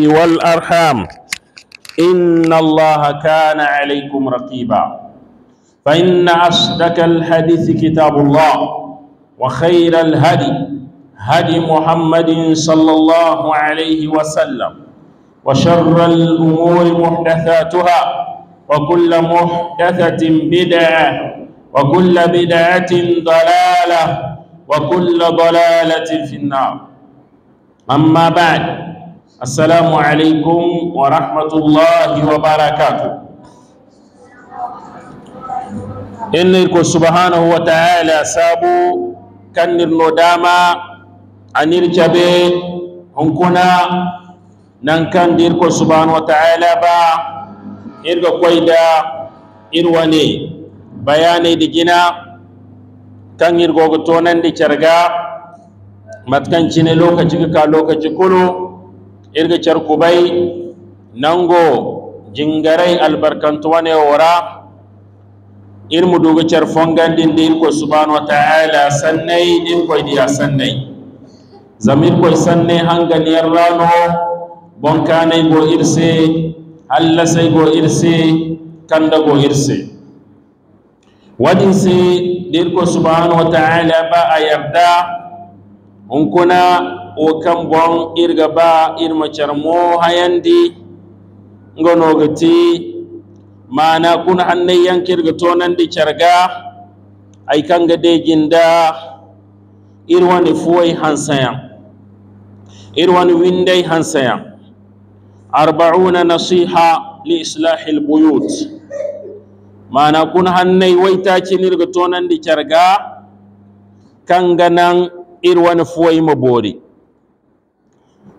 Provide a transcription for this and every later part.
والأرحام إن الله كان عليكم رقيبا فإن أصدق الحديث كتاب الله وخير الهدي هدي محمد صلى الله عليه وسلم وشر الأمور محدثاتها وكل محدثة بدعة وكل بدعة ضلالة وكل ضلالة في النار أما بعد assalamu alaikum wa rahmatullahi wa barakatuh inni ko subhanahu wa ta'ala sabu kannir no dama anir cabe hunkuna nan kan dir ko subhanahu wa ta'ala ba irga koyda irwane bayani digina kan irgogo tonan di carga matkan cine lokaci ka lokaci kulu irga charkubai nango jingarai albarkantuwane wara irmu duga char fongandin din ko subhanahu wa ta'ala sannai din ko diya sannai zamir ko sannai hanganiyar rano bonkanai go irse hallasai go irse kanda go irse wadin se din ko subhanahu wa ta'ala ba a yarda unkuna wo kam bon irga ba irma carmo hayandi ngonoga ti mana kun hannay yankirga tonandi carga ay kanga de ginda irwani fuway hansaya irwani winday hansaya arba'una nasiha li islahi buyut mana kun hannay waytacinirga tonandi carga kanga nan irwani fuway mabori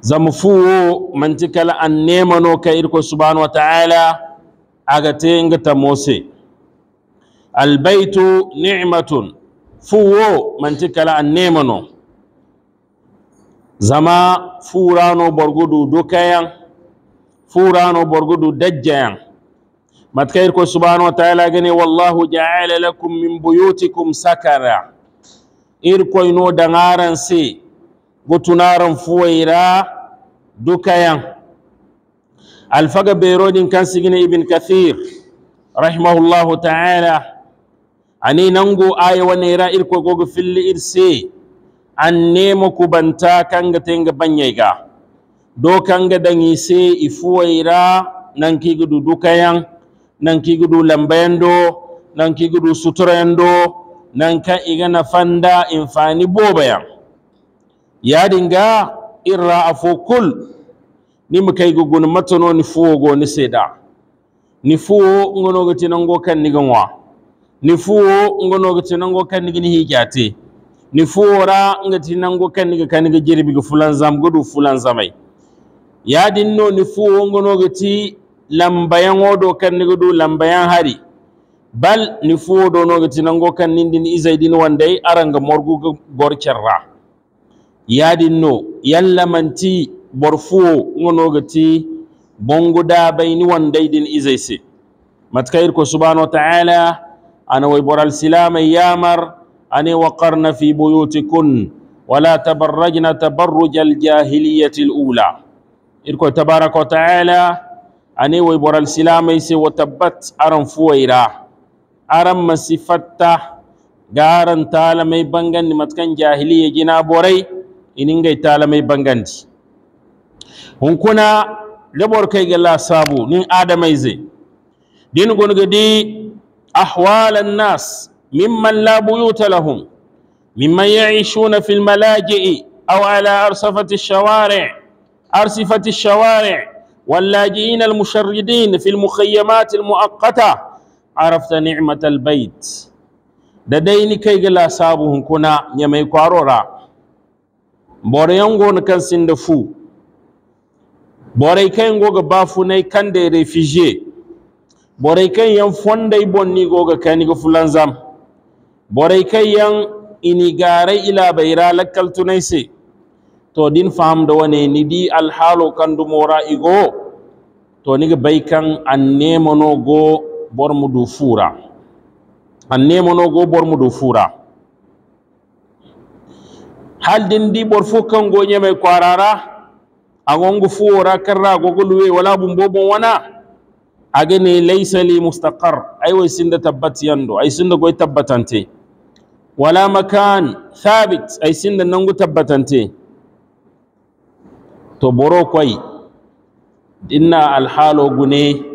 zama fuwo mantikala an nemano ka irko subhanahu wa ta'ala agate ngata mose albaitu ni'matun fuwo mantikala an nemano zama furano borgudu dukayan furano borgudu dajjayan matka irko subhanahu wa ta'ala gani wallahu ja'ala lakum min buyutikum sakara irko ino dangaran si gutunaran fuwaira dukayan alfaga berodin kan sigina ibn kathir rahimahullahu ta'ala ani nangu aya wani ra irko gogo filli irse an nemo kubanta kanga tenga banyega do kanga dangi se ifuwaira nan kigudu dukayan nan kigudu lambayando nan gudu suturayando nan ka igana fanda infani bobayan ya dinga irra a fokul ni mukaigo gun matono ni fuwo go ni seda ni fuwo ngono tinan go kan ni ganwa ni fuwo ngono tinan go kan ni ni fuwo ra fuwora tinan go kan ni kan ga jirbi ga fulan zam gudu fulan zamai ya dinno ni fuwo ngono ti lambayan wodo kan ni gudu lambayan hari bal ni fuwo do no tinan go kan ni din izaidin wandai aranga morgu gorcerra yadinno yallamanti borfuwo ngonogati bonguda bayni wandaydin izayse matkayir ko subhanahu wa ta'ala ana way boral silama yamar ani waqarna fi buyutikun wala tabarrajna tabarruj aljahiliyati alula irko tabaraka wa ta'ala ani way boral silama ise wa tabbat aran fuwaira aran masifatta garan talamai bangan matkan jahiliya gina borai iningay talamay banganti hunkuna lebor kay gala sabu nin adamayze din gon di ahwalan nas mimman la buyuta lahum mimman ya'ishuna fil malaji'i aw ala arsafati shawari arsifati shawari واللاجئين المشردين في المخيمات المؤقتة عرفت نعمة البيت لديني كي قلا سابهم كنا يمي كارورا bore yango na kan sinda fu bore kan goga ga bafu nay kan de refugee bore kan yan fonde bonni go kan go fulan zam bore kan yan gare ila bayra lakal tunaisi to din fam da wane ni di halu kan du mora igo to ni ga bai kan an nemono go bor fura an nemono go bor mu fura halden ndi fu kan kango mai ko arara agongo fu wora karra gogoluwe wala bum wana wona agene laysa li mustaqar ay way sinda ai ay sinda goy tabbatante wala makan thabit ay sinda nangu tabbatante to boro koy dinna alhalo gune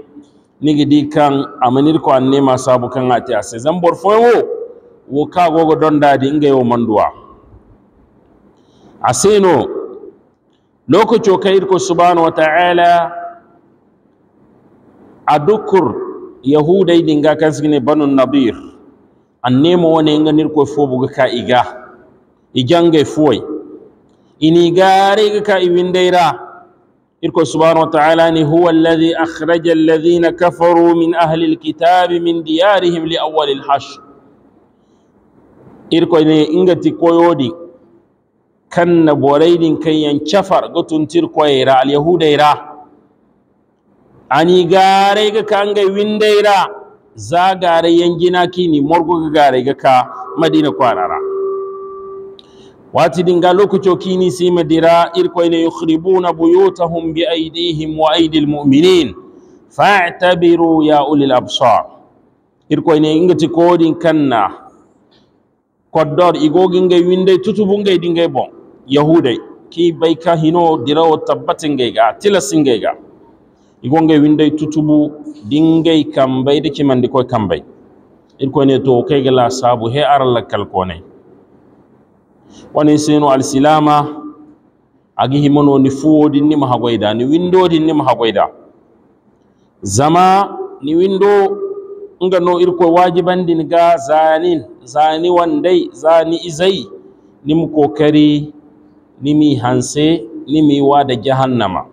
nigi di kan amanir ko ma sabu kan ate ase zan fo wo wo kagogo dondadi ingay wo manduwa aseno lokaco ka irko subhanahu wa ta'ala a dukkur yahudai dinga kan sigine banu nadir an nemo wani nga nirko fo buga ka iga igange fuwai ini gare ga ka iwindaira إركو سبحانه وتعالى هو الذي أخرج الذين كفروا من أهل الكتاب من ديارهم لأول الحشر إركو إني إنغتي كويودي kanna boraydin kanyan cafar gotuntir ra, al yahudayra ani gare ga ka kanga ra, za garay yangina kini morgo ga gare ga ka madina kwarara wati dinga lokaco kini sima dira na yukhribuna buyutahum bi aydihim wa aidil al mu'minin fa'tabiru ya ulil absar irkoyne ingati kodin kanna koddor igogin ngay winde gai dingai bon Yahudai ki bai ka hino dirawo tabbatingayga gai igongay winday tutubu dingay kambay da kimandi koy Irko ne to kai la sabu he aralla kalkonay wani seno alsilama agi himono ni fuwodi ni mahagoyda ni windodi ni mahagoyda zama ni windo nga no irko din ga zanin zani wandai zani izai ni mu nimi hanse nimi wa da jahannama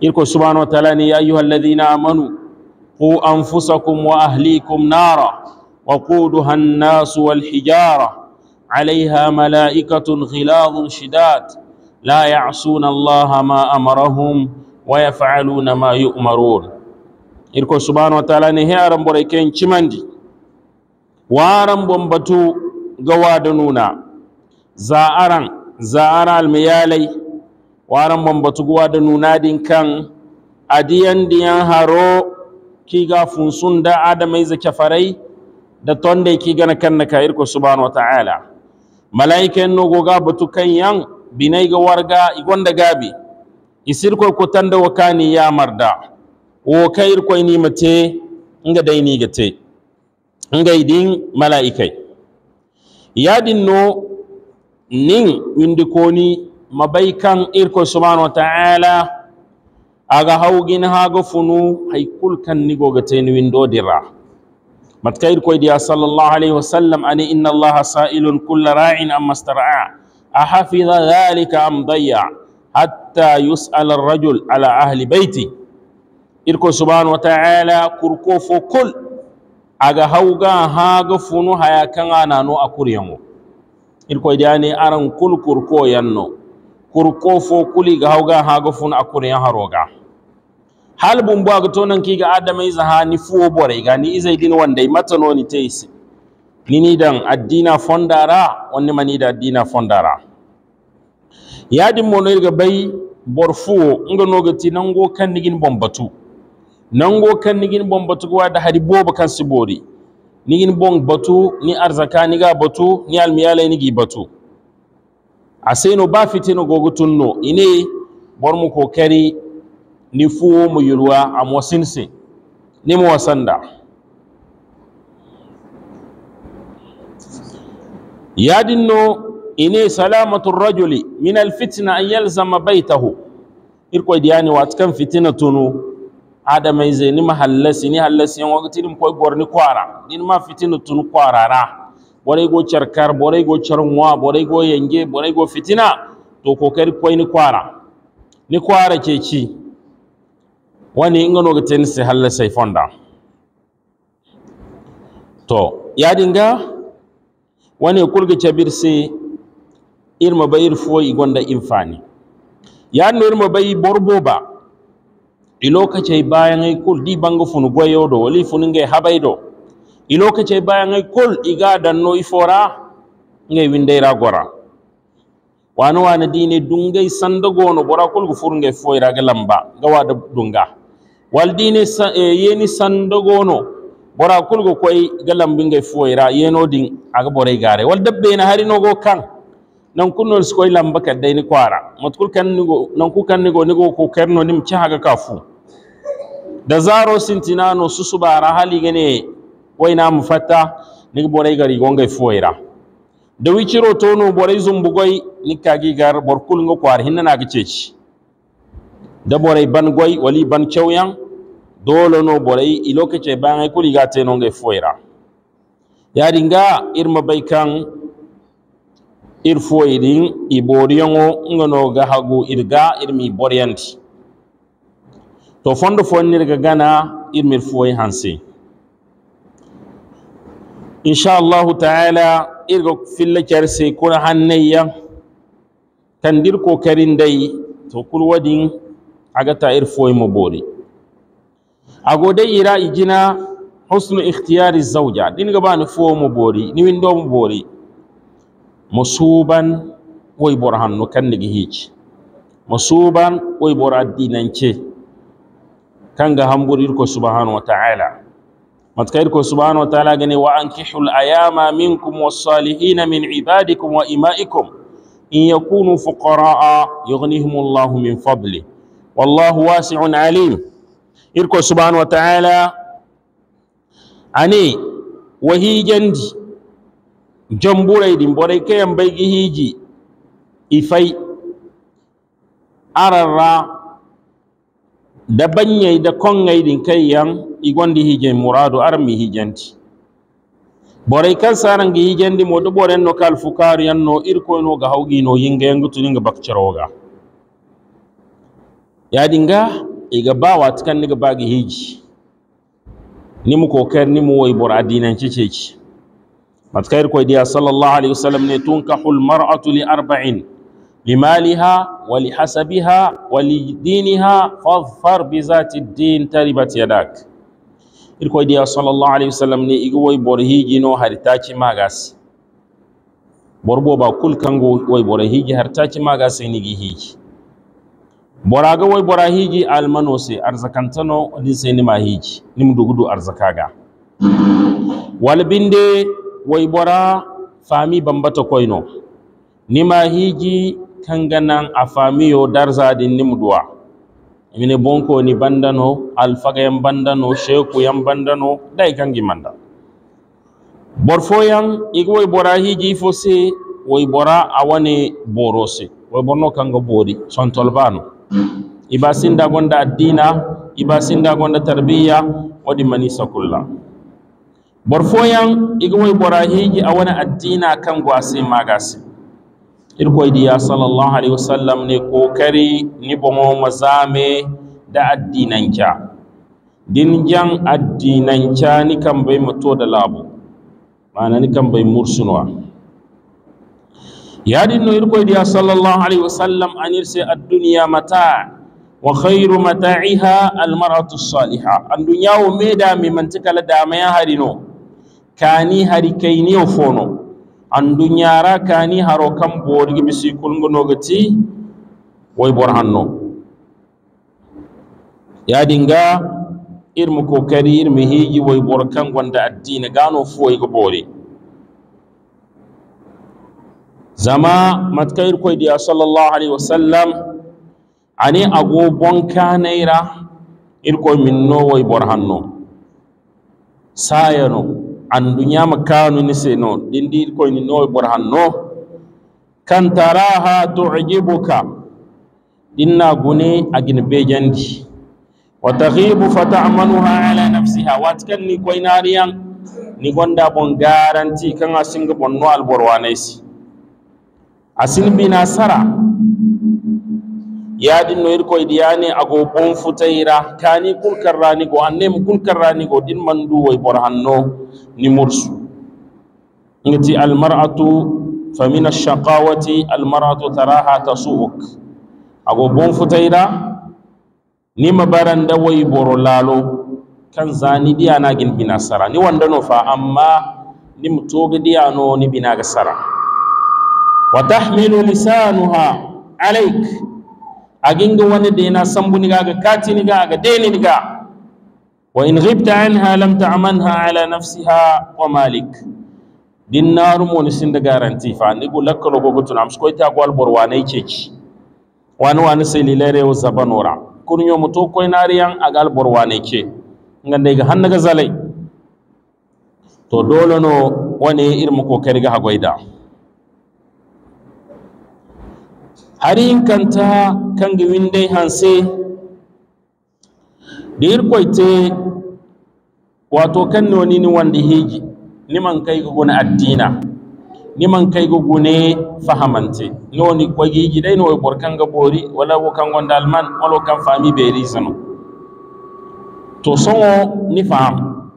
irko subhanahu wa ta'ala ni ayyuhal ladhina amanu qu anfusakum wa ahlikum nara wa quduha an-nas wal hijara 'alayha malaikatun ghilazun shidad la ya'suna allaha ma amarahum wa yaf'aluna ma yu'marun irko subhanahu wa ta'ala ni haram boreken chimandi waram bombatu gawa da nuna za'aran Za a ran almiyalai waran bambatuguwa da nunadin kan adiyan diyan haro kiga funsun da adamai zake farai da tonde kiga gana kan naka irko subhanahu wataala malaika no goga kan yan binai ga warga igonda gabi isirko ko tanda wakani ya marda wo kair ko ni mate nga dai ni gate nga idin malaikai yadin no nin windi koni mabai irko subhanahu wa ta'ala aga haugin haga funu haikul kan nigo ga tayin windo dira matka irko diya sallallahu alaihi wasallam ani inna allah sa'ilun kulla ra'in amma star'a ahafidha dhalika am dayya hatta yus'al rajul ala ahli baiti irko subhanahu wa ta'ala kurko kul aga hauga haga funu hayakan anano akuryamu jani aran kul kurko yanno kurko fo kuliga hawga hago fun ya haroga hal bumbo aga to ki ga adama iza ha ni fuo bore ga ni iza din wanda matano ni teisi nini dan addina fondara wani mani da addina fondara yadin mono irga bai bor fuo nga ti nango kan nigin bombatu nango kan nigin bombatu wa da hari boba kan sibori Ni nigin bon batu ni arzaka ga batu ni almiyalai gi batu a sai no ba fitino gogutun no ine bor mu kokari ni fu mu yurwa a mosinse ni mu wasanda Ya dinno ine salamatu rajuli min alfitna an yalzama baitahu irko diyani wat kan fitina tunu hada mai ni mahallasi ni hallasi yan wakati nim gwar ni kwara ni ma fitina tun kwarara borai go charkar borai go charnwa borai go yange borai go fitina to kokari kwai ni kwara ni kwara ke ci wani inga no ni se hallasi fonda to ya dinga wani kulga chabir se irma bayir fuwa igonda infani ya no irma bayi borbo ba ilokacey bayaŋey kul di baŋga funu goyo do wala ifunu ngey habay do ilokacey bayaŋey kul iga danno ifora ngey windeyra gora wani wani dine dungay sanda gono bora kul gu furu ngey foyra ga lamba ga wada dunga wal dine e, yeni sanda gono bora kul gu koy ga lambi ngey foyra yeno din aga boray gare wal dabbe na hari nogo kan nan kun kunno skoy lamba kadday ni kwara matkul kan nigo nan ku kan nigo nigo ko kerno nim ci haga fu. da zaro gane wai na mu fatta ni borai gari gonga foira da wiciro tono boray zumbugoy nikagi gar borkul ngo kwar hinna na gicheci da borai ban goi wali ban chawyan dolo no boray ilokace bangay kuliga no ngai foira dinga irma baikan ir foidin iboriyango ngono ga hagu irga irmi boriyanti to fondo daga gana yi hansi insha Allah taala irga filla carse kuna hannayya kan dir kokarin dai to kul wadin ta ir fo yi mabori ago dai ira ijina husnu ikhtiyari zawja dinga bani fuwo mo boori ni windo mo boori mo bor hanno ni hiici mo suuban woy bor addinance kanga hambur irko subhanahu wa ta'ala matka irko subhanahu wa ta'ala gani wa ankihul ayama minkum wasalihina min ibadikum wa imaikum in yakunu fuqaraa yughnihimullahu min fadli wallahu wasi'un alim irko subhanahu wa ta'ala ani wahijandi jamburai dimborai kayan baigi hiji ifai ararra da banyai da kongai din kay yang igondi hijen muradu armi hijanti borai kan sarangi hijendi mo modu boren no kal fukar yan no irko no ga hawgi no yinga yangu tuninga bakcharoga ya dinga iga bawa tukan niga bagi hiji ni mu kokar ni mu wai bor adinan ciceci matkair koy dia sallallahu alaihi wasallam ne tunkahul mar'atu li arba'in limaliha wa Walidiniha, wa lidiniha fadhfar bi zati din taribat yadak irko diya sallallahu alaihi wasallam ne igi woy bor higi no hari taci magas bor boba kul kango woy bor higi har taci magas ni gi higi boraga fami bambata koyno nima hiji kanganan afamiyo din nimduwa mine bonko ni bandano alfaga yan bandano sheku yan bandano dai kangi manda borfo yan igoy bora hiji fo se woy bora awane boro se woy borno kanga bori sontolbano iba sinda gonda addina iba sinda gonda tarbiya wadi manisa kulla bor foyan igoy bora hiji awane addina kango ase magasi irkoydiya ya sallallahu wa sallam ni kokari ni boŋo ma zame da addinanca din jan addinanca ni kan bai mato da labu, mana ni kambay mursunowa yaɗin no irkoydiya ya sallallahu wa sallam anir se adduniya mata wa khayru mata'iha almar'atu saliha An dunya anduñawo meeda mi mantikala damaya harino kani hari kayniyo fono andunyara kani haro kam borigi bisi gati woy bor hanno yadinga irmu kokari irmu hiji wai bor kan gonda addina gano wai go bori zama matkayir koy diya sallallahu alaihi wasallam ani ago ir irkoy minno woy bor hanno sayano an dunyama kanu ni se no din di ko ni no burhan no kan taraha tu'jibuka dinna gune agin bejandi wa taghibu fata'manuha ala nafsiha watkan ni ko inariyan ni gonda bon garanti kan asinga bon no alborwanesi asin bina sara yaɗin noyir koye diyani ago bon futayra kani kul karranigo annemo kul karranigo ɗin mandu woy bor hannu ni mursu ngati almar'atu fa min al almar'atu taraha tasu'uk ago bon ni nima baranda woy boro lalo kan zani ɗiyanagin bina sara ni no fa amma ni nim toga ɗiyano ni binaga sara wa tahmilu lisanuha alayk ga wani da yana sambu ni ga kati niga ga deni niga wa in ghibta anha lam ta'manha ala nafsiha wa malik din naru mun sin da garanti fa ni go lakkalo go go tunam skoy ta go albor wa nay keki wani wani sai lilere wa zabanora kun yo muto koy nariyan a galbor wa nay ce dai ga ga zalai to dole no wani irin ko kariga hagoida harin kanta kan kanga dai hanse da irkoite wato kan noni ni wanda hegi niman kai gune addina niman kai gune fahamante noni kwagi dai no bor kanga bori wala wo kan gonda alman wala kan fami be rizano to songo ni faham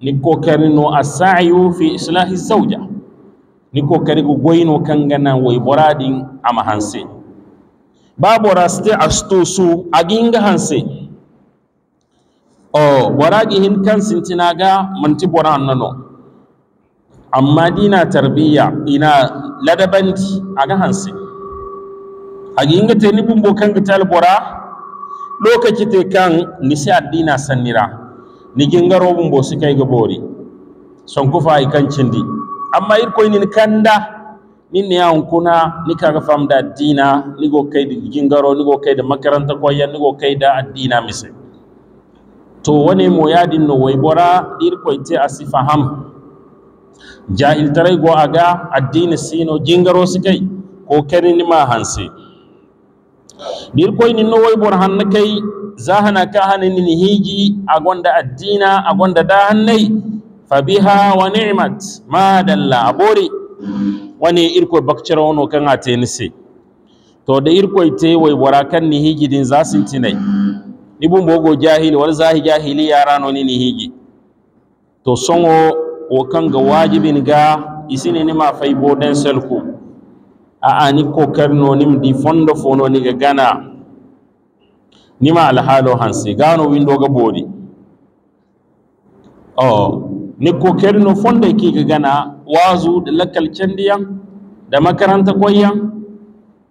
ni kokarin no asayu fi islahi zawja ni kokari gu goyino kangana wai boradin ama hanse babu raste asto su aginga hanse o boragi hin kan sintinaga manti boran nano amma dina tarbiya ina ladabanti aga hanse aginga te ni bumbo kanga tal bora lokaci te kan nisi addina sannira ni gingaro bumbo sikai gabori sonkufa ikan cindi amma ni kanda ni ne yawon kuna ni kaga fam da addina ni go kai da gingaro ni go kai da makaranta koyan ni go kai da addina misai to wani mo din no wai bora a si faham jahil tarai go aga addini sino jingaro sikai ko kani ni ma hanse dirkoy ni no wai bor hanna kai zahana ka hanin ni hiji agonda addina agonda da hannai fabiha wa ni'mat ma dalla abori wani irko bakcar wani kan a nise. to da irko ite wai wara kan ni higidin zasin tinai ni bun bogo jahili wal zahi jahili ya rano ni higi to songo o kan ga wajibin ga isini ni ma faibo boden selku a ani ko karno nim di fondo fono ni ga gana ni ma alhalo hansi gano windo ga bodi oh ni kokerino ke kiga gana wazu da lakkal candiyan da makaranta koyan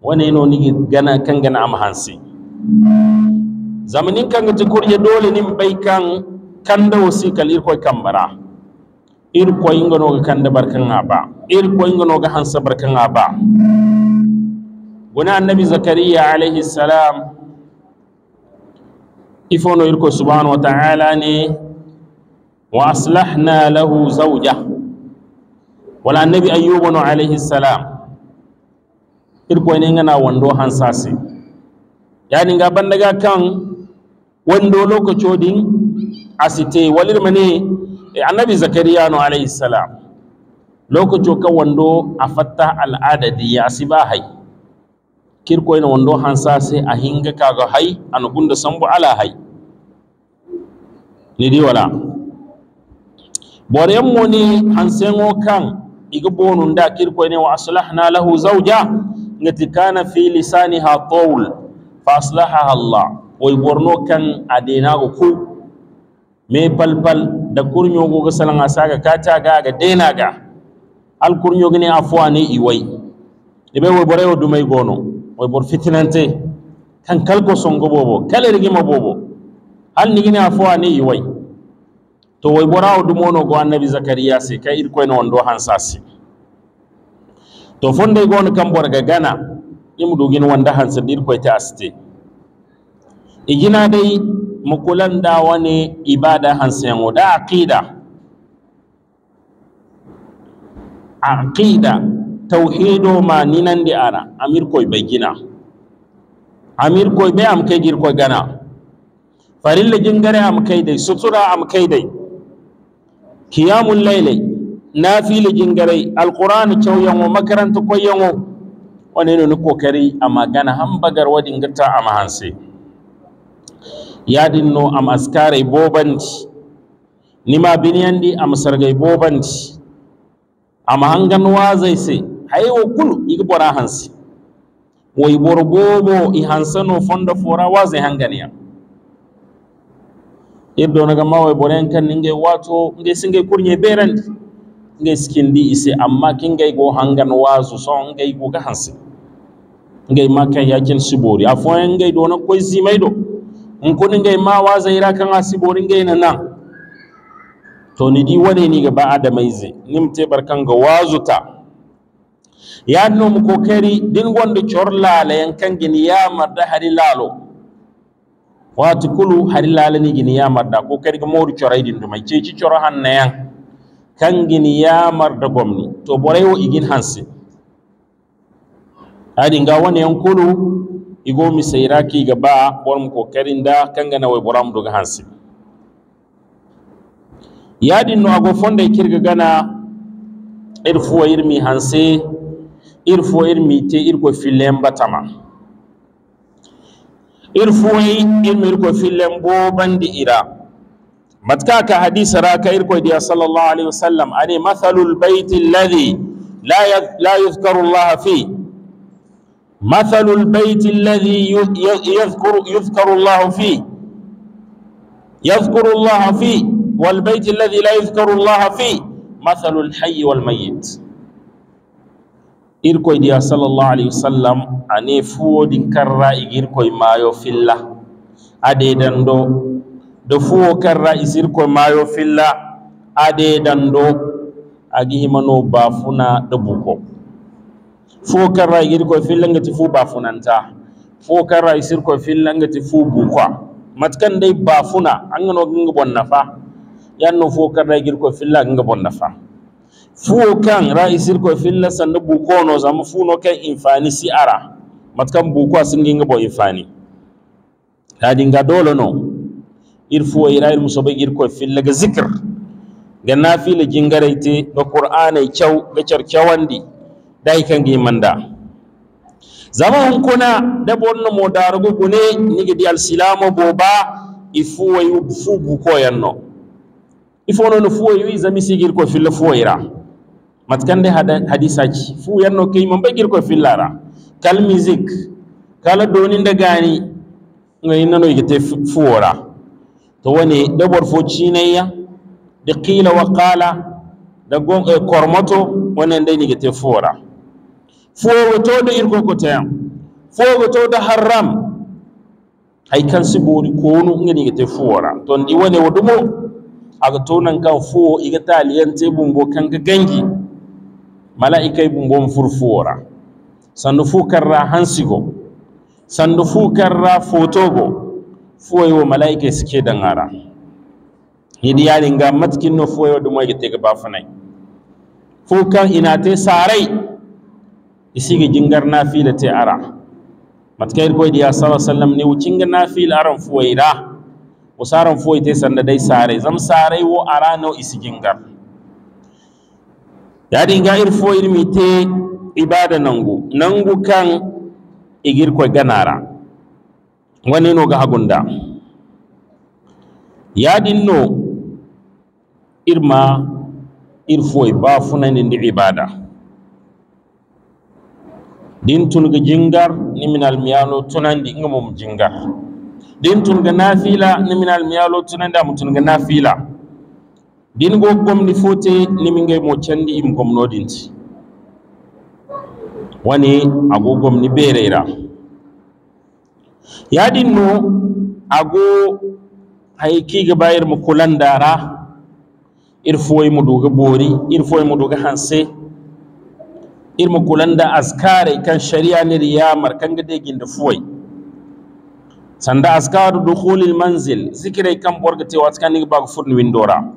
wani no ni gana kan gana am hansi zamanin kan ta kurye dole nin bai kan kan da wasi kal koy kambara ir koy ngono ga kan da barkan aba ir koy ngono ga hansa barkan aba guna annabi zakariya alaihi salam ifono irko subhanahu wa ta'ala ne Wa وأصلحنا له زوجة ولا ayyubu أيوب عليه السلام irko ne ngana wando hansasi yani ga bandaga kan wando lokaco din asite walir mane annabi zakariya no alayhi salam lokaco kan wando afatta al'adadi ya siba hay kirko ina wando hansasi a hinga kaga hay an gunda sambu ala hay ni di wala bore moni hansengo kan iga bonun da kirko ne wa aslahna lahu zawja ngati kana fi lisaniha tawl fa aslaha Allah oy borno kan adena go ku me balbal da kurnyo go ga salanga saga kata ga ga dena ga al kurnyo ne afwa ne iwai ibe wo bore wo dumai gono oy bor fitinante kan kalko songo bobo kale rigima bobo hal ni gine ni iway to wai bora o ɗumono go annabi zakariya sai ka irko ne wando han sasi to fonde gono kam ga gana ɗimo wanda wonda han ko ta aste igina dai mukulan da wani ibada han sengo da aqida aqida tauhido ma di ara amir koye ɓe gina amir koye be am kai gir koye gana farilla jingare am dai sutura am dai. Kiyamun na fili nafili alkurani alqur'ani chawyango makaranta koyango wani ni kokari amma gana hambagar wadin gata amma hanse yadin no am Ni bobanti biniyan biniyandi a sargai bobanti amma hangan wazai sai haiwa kulu iga bora hanse woy bor bobo hansano fonda fora wazai hanganiya irdo naga mawe boren kan ninge wato nge singe kurnye berandi nge skindi ise amma kinge go hangan wazu so nge go ga hansi nge ma kan yakin sibori afo nge do na koy do, in kun nge ma waza ira kan asibori nge na nan to ni di wane ni ga ba adamaize nimte barkan ga wazuta ya no mu kokari din gonda chorla la yankan gini ya marda hari lalo wati kulu hari harilalani gini ya marda ko kadi ko mawri coray ɗin ɗumay ceeci coro han nayan kan gini ya marda gomni to boray wo igin hanse adi nga woneyan kulu igo mi seyra kiiga ba ɓormo ko kadi nda kanga nawoy boramu doga hanse yaɗin no ago fonde kirga gana ir fuwa irmi hanse ir fo irmi te ir ko fillen batama irfuyi irmi irko fillen bo bandi ira matka ka hadisa ra ka irko diya sallallahu alaihi wasallam ani mathalul baiti alladhi la la yuzkaru Allah fi mathalul baiti alladhi yuzkaru yuzkaru Allah fi yuzkaru Allah fi wal baiti alladhi la yuzkaru Allah fi mathalul hayy wal mayyit irkoy diya sallallahu alaihi wa sallam ani fuwodin karra igirkoy mayo filla ade dando do fuwo karra isirkoy mayo filla ade dando agi himano bafuna do buko fuwo karra igirkoy filla ngati fu bafunanta fuwo karra isirkoy filla ngati fu buka matkan dai bafuna an gano ganga bon nafa yanno fuwo karra igirkoy filla ngi bonnafa nafa fuo kaŋ ra isir koy filla sanni buko no zama funo kan infani si ara matkan buko asinginga bo infani dinga dole no ir fuo ira ir musobe ir koy filla ga zikr ga nafila jingarayte ga qur'anay e kyau ga Da dai kan gi manda zama hunkuna da bonno mo darugo gune niga di bo boba ifu wayu e fu buko yanno ifo no fu wayu e izami sigir ko filla fuo ira matkande hadisaji fu yanno key mon bagir ko fillara kal music kala doni nda gani gayinnano yigete fuwora to woni ɗoɓor fo cinayya de qila wa qala da gon e eh, kormoto wonen de to fuwora fuwowo ko irkoko teyam fuwowo toɗo harram hay kan si ɓoori konu gen yigete fuwora to ndi woni wodumo ɗumo aga tonan kan fuwo igata aliyante bumbo kanka gangi malaika bon furfuwora sandu fu karra hansigo sandu fu karra fotogo wa malaika sike dangara yidi yaringa matkinno wa dumoyge tega bafanay fu ina inate sarai isige jingar nafila te ara matkayir ko diya sa sallam ni wucinga nafila aran fuwoyra wasaran fuwoy te sanda dai sarai zam sarai wo no isi jingar yaringa irfo ilmi te ibada nangu nangu kan igir koy ganara wani no ga hagunda yadin no irma irfo foy ba funanin di ibada din tun ga jingar ni minal miyalo tunandi ngamum jingar din tun ga nafila ni minal miyalo tunanda ga nafila din go gomni fote niminge mo chandi im dinti wani ago gomni ya din no ago ki ga bayir mu kulandara foy mu doga bori foy mu ga hanse mu kulanda askare kan shari'a ni riya kan ga degin da foy sanda askaru dukhulil manzil zikirai kan borga tewa tsakanin ba ga furni windora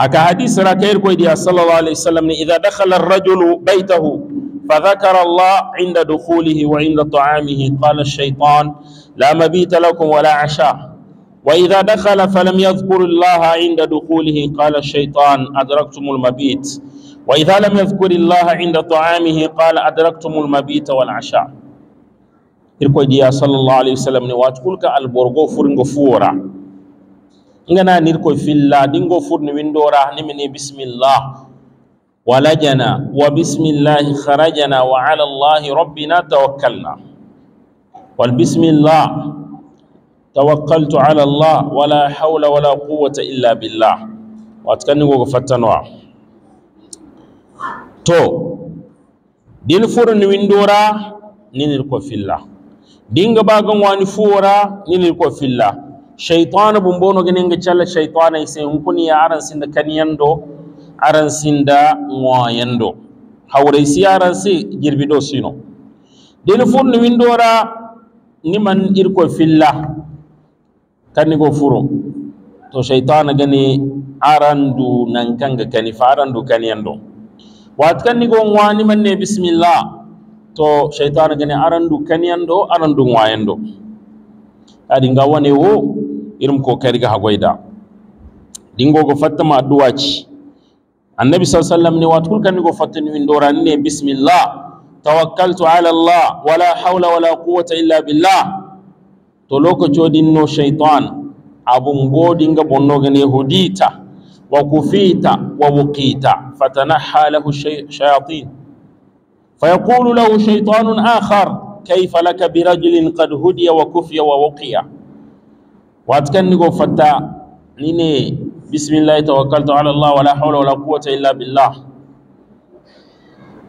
aka hadisi ra kayir koy diya sallallahu alaihi ni idha dakhala ar-rajulu baytahu fa dhakara Allah 'inda dukhulihi wa 'inda ta'amihi qala ash-shaytan la mabita lakum wa la 'asha wa idha dakhala fa lam yadhkur Allah 'inda dukhulihi qala ash-shaytan adraktum al-mabit wa idha lam yadhkur Allah 'inda ta'amihi qala adraktum al-mabit wa al-'asha irko diya sallallahu alaihi ni watkulka al-burgo furingo fuora ngana nir ko filla dingo furni windora nimini bismillah walajana wa bismillah kharajana wa ala allah rabbina tawakkalna wal bismillah tawakkaltu ala allah wala hawla wala quwwata illa billah watkani go fatanwa to din furni windora ninir ko filla dinga bagan wani ni ninir ko filla shaytana bumbono geninga challa shaytana ise hunkuni ya aransinda sinda kaniyando aran sinda ngwayando hawre si aran si girbido sino den furni windora niman irko filla kanigo furo to shaytana gani arandu nankanga kani fa arandu kaniyando wat kanigo ngwani manne bismillah to shaytana gani arandu kaniyando arandu ngwayando adi nga wane wo irin kokari ga hagoida dingo go fatta ma duwaci annabi sallallahu alaihi wasallam ne wat kul kan go fatta ni ndora ne bismillah tawakkaltu ala allah wala hawla wala quwwata illa billah to lokaco din no shaytan abun go dinga bonno ga ne hudita wa kufita wa wuqita fatanaha lahu shayatin فيقول له شيطان آخر كيف لك برجل قد هدي وكفي ووقي watikan nigo fata ni ne bisimillahi tawakkaltu ala allah wala hawla wala quwwata illa billah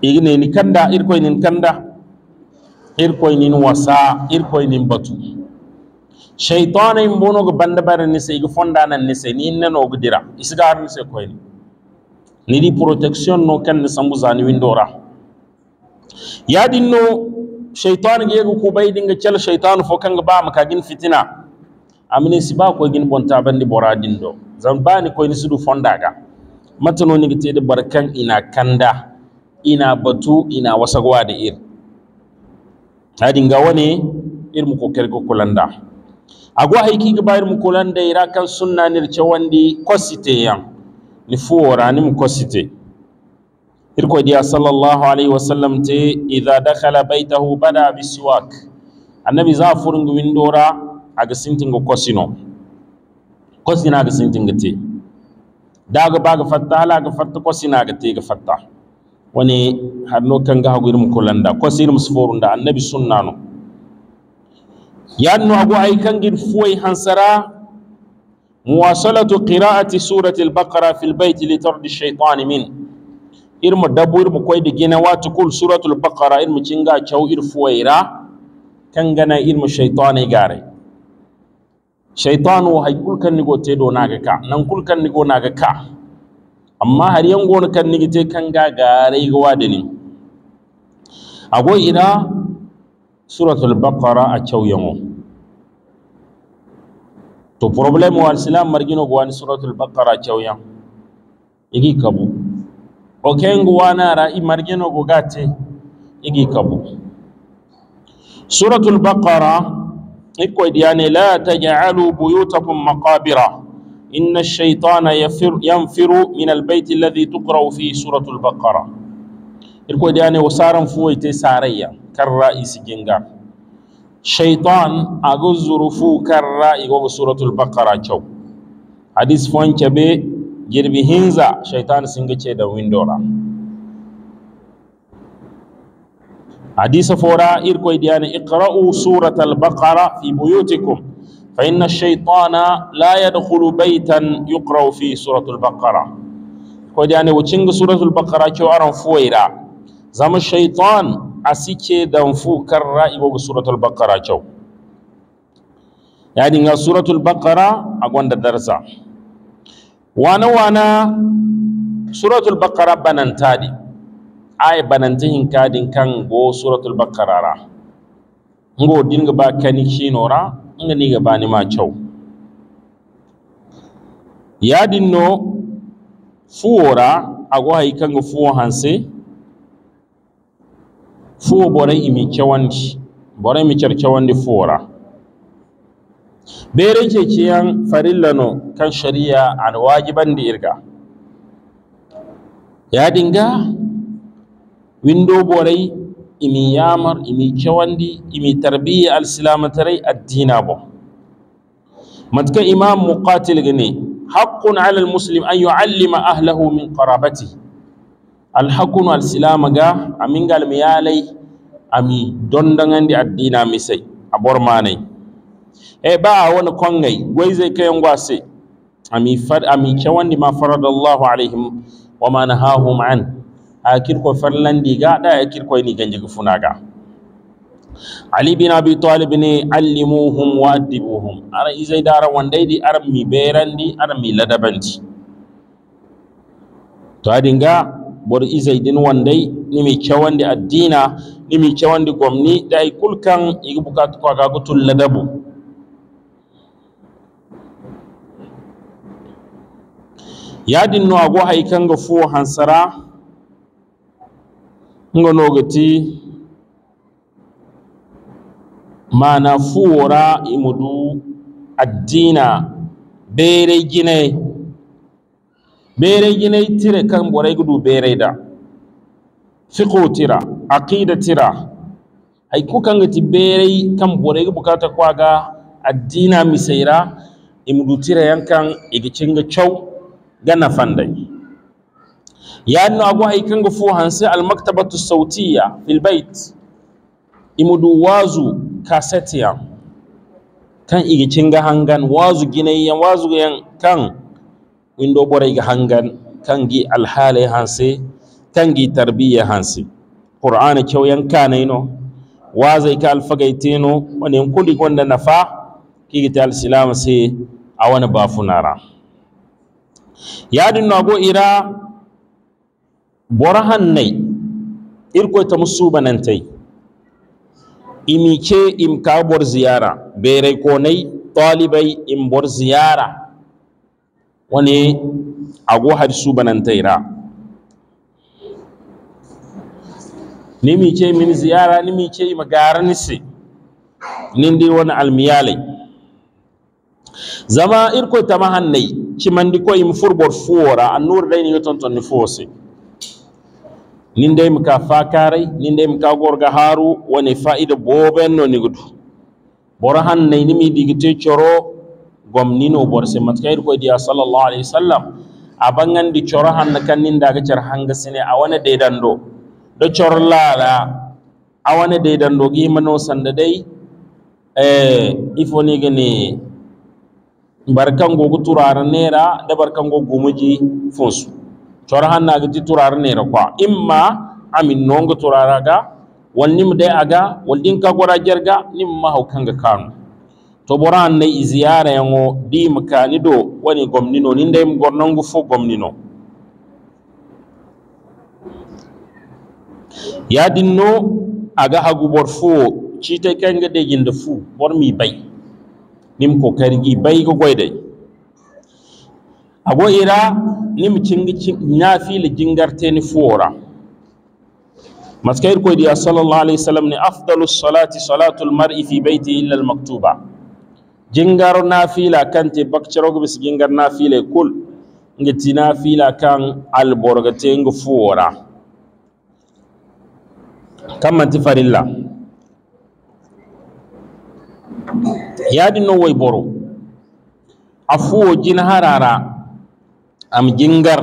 igne ni kanda irkoy nin kanda irkoy nin wasa irkoy nin batu shaytanay in go banda bare ni se go fonda nan ni se ni neno go dira isgar har ni se koy ni di protection no kan sambu zani windora yadin no shaytan ge go kubai dinga chal shaytan fo kan ba makagin fitina amine ba ko gin bon tabandi boradin do zan ni ko ni sudu fondaga matano ni gite da barkan ina kanda ina batu ina wasagwa da ir hadin ga wani ir mu kokari ko kulanda agwa hayki ga bayar mu kulanda ira kan sunna nir cewandi kosite yan ni fuwara ni mu kosite ir ko diya sallallahu alaihi wasallam te idza dakhala baytahu bada biswak annabi za furungu windora aga sintinga kosino kosina aga ga te daga ba ga fatta ala ga fatta kosina aga te ga fatta wani hannu kan ga hagu gurin kulanda kosina musforun da annabi sunna no Yannu abu ay kan gin fuwai hansara muwasalatu qira'ati surati al-baqara fi al-bayt li tardi ash min Irin dabu irin koy da gina watu kul suratul cin irmu kyau, irin fuwai ra. kan gana irin shaytani gare. shaytanu hay kulkan nigo do naga ka nan kulkan nigo naga ka amma har yan gona kan nigi te kan ga garai ga ni, ago ina suratul baqara a cawyango to problem wa silam margino go wani suratul baqara ya, igi kabu o kengu ra i margino go gate igi kabu suratul baqara ikkoyɗi yani la taj'alu buyutakum maqabira inna shaitana shaytana yanfiru min al-bayti alladhi tuqra'u fi suratu al-baqara irkoyɗi yani o saran fuwoyte sarayya karra isiginga Shaitan ago zuru fu karra igogo suratu baqara cow hadis fonce jirbi hinza shaitan singa da windora hadisa fora irko idiyani iqra'u surat al-baqara fi buyutikum fa inna shaytana la suratul baytan yuqra'u fi surat al-baqara ko idiyani wucin ga surat al-baqara aran fuwaira zama shaytan a sike da fu kan ra'i ga surat al-baqara ga surat al a gwanda darsa wana wana surat al-baqara banan ay banantihin kadin kan go suratul bakarara ngo din dinga ba kani shinora nga niga bani ma chow din no fuora ago hay kan go fuo hanse fuo bore imi chawandi bore mi char chawandi fuwora bere ke yan farillano kan shari'a an wajiban da irga ya dinga windo borai imi yamar imi kewandi imi tarbiya al silamatarai addina bo matka imam muqatil gane haqqun al'al al muslim an yu'allima ahlahu min qarabati al haqqun al silama ga amingal miyalai ami dondangandi addina misai abor manai e ba wani kongai goizai kayan gwase ami fad ami kewandi ma faradallahu alaihim wa ma nahahum an a kirko ga, da a kirko kirkoyni ganjege funaga ali bin abi talib ne allimuhum wa addibuhum ara izai dara wandaydi ara mi berandi ara mi ladabanti. to adinga bor izai din wanday nimi cewandi addina nimi cewandi gomni dai kulkan igi bukatu ko ga gutul ladabu yadin no ago haikan ga fo hansara nga nogati mana fuwora imudu addina bere gine bere gine tire kan borai gudu bere da fiqo tira aqida tira ai ku kan gati bere kan borai bukata kwaga addina misaira imudu tira yankan igicinga chau gana fandai yaanno ago hay kaŋ ga fo Al maktabatu sautiya filbait ima du waazu kasete yaŋ kaŋ iga cinga hangan waazu ginay yaŋ waazu yaŋ kaŋ windo borey ga hangan Kan gi alhaalay hanse Kan gi tarbiya hanse qur'ana cew yaŋ kanayno waazay ka alfagay teno wane kuli gonda nafa kiga te alsilama se awana bafunara yaadin no ago ira borahannai irkoita musubanantai imike imka bor ziyara berai nai talibai in bor ziyara wani ago har subanantai ra nimike min ziyara nimike ima nin dai wani almiyalai zama ta mahannai mandi ko im furbor fuwara annur dai ni yoton ni fuwose nin dai muka fakarai nin dai muka gorga haru wani fa'ida boben no nigudu boro han nay nimi digite coro gom nino se matkayir ko diya sallallahu alaihi wasallam di coro han kan nin daga char hanga sine awana de dando do coro lala awana de dando gi mano sanda dai eh ifoni gani barkan gogu turara nera da barkan gogu muji funsu cor hanna ga ti turar ne ra kwa imma amin nonga turara ga wani mu dai aga Wani din ka gora jerga Ni mu mahaukan ga kanu to boran ne iziyara yango di makani do wani gomnino nin dai gornongu fo gomnino ya dinno aga hagu bor fo ci te kanga de ginda fu bor mi bay nim ko karigi bay ko goy dai ago ira nimi cingi ñaafili jingarteni fuwora maskayir koyɗiya sallllahu alayhi alaihi sallam ni afdalu Salatu, solatu lmar'i fi beyti illa almaktuba na fila kante bakcarogo ɓe si jingar na fila kul nge na fila kan alborga te nge fuwora kammanti farilla yaadi non woy boro a fuwo jina harara am jingar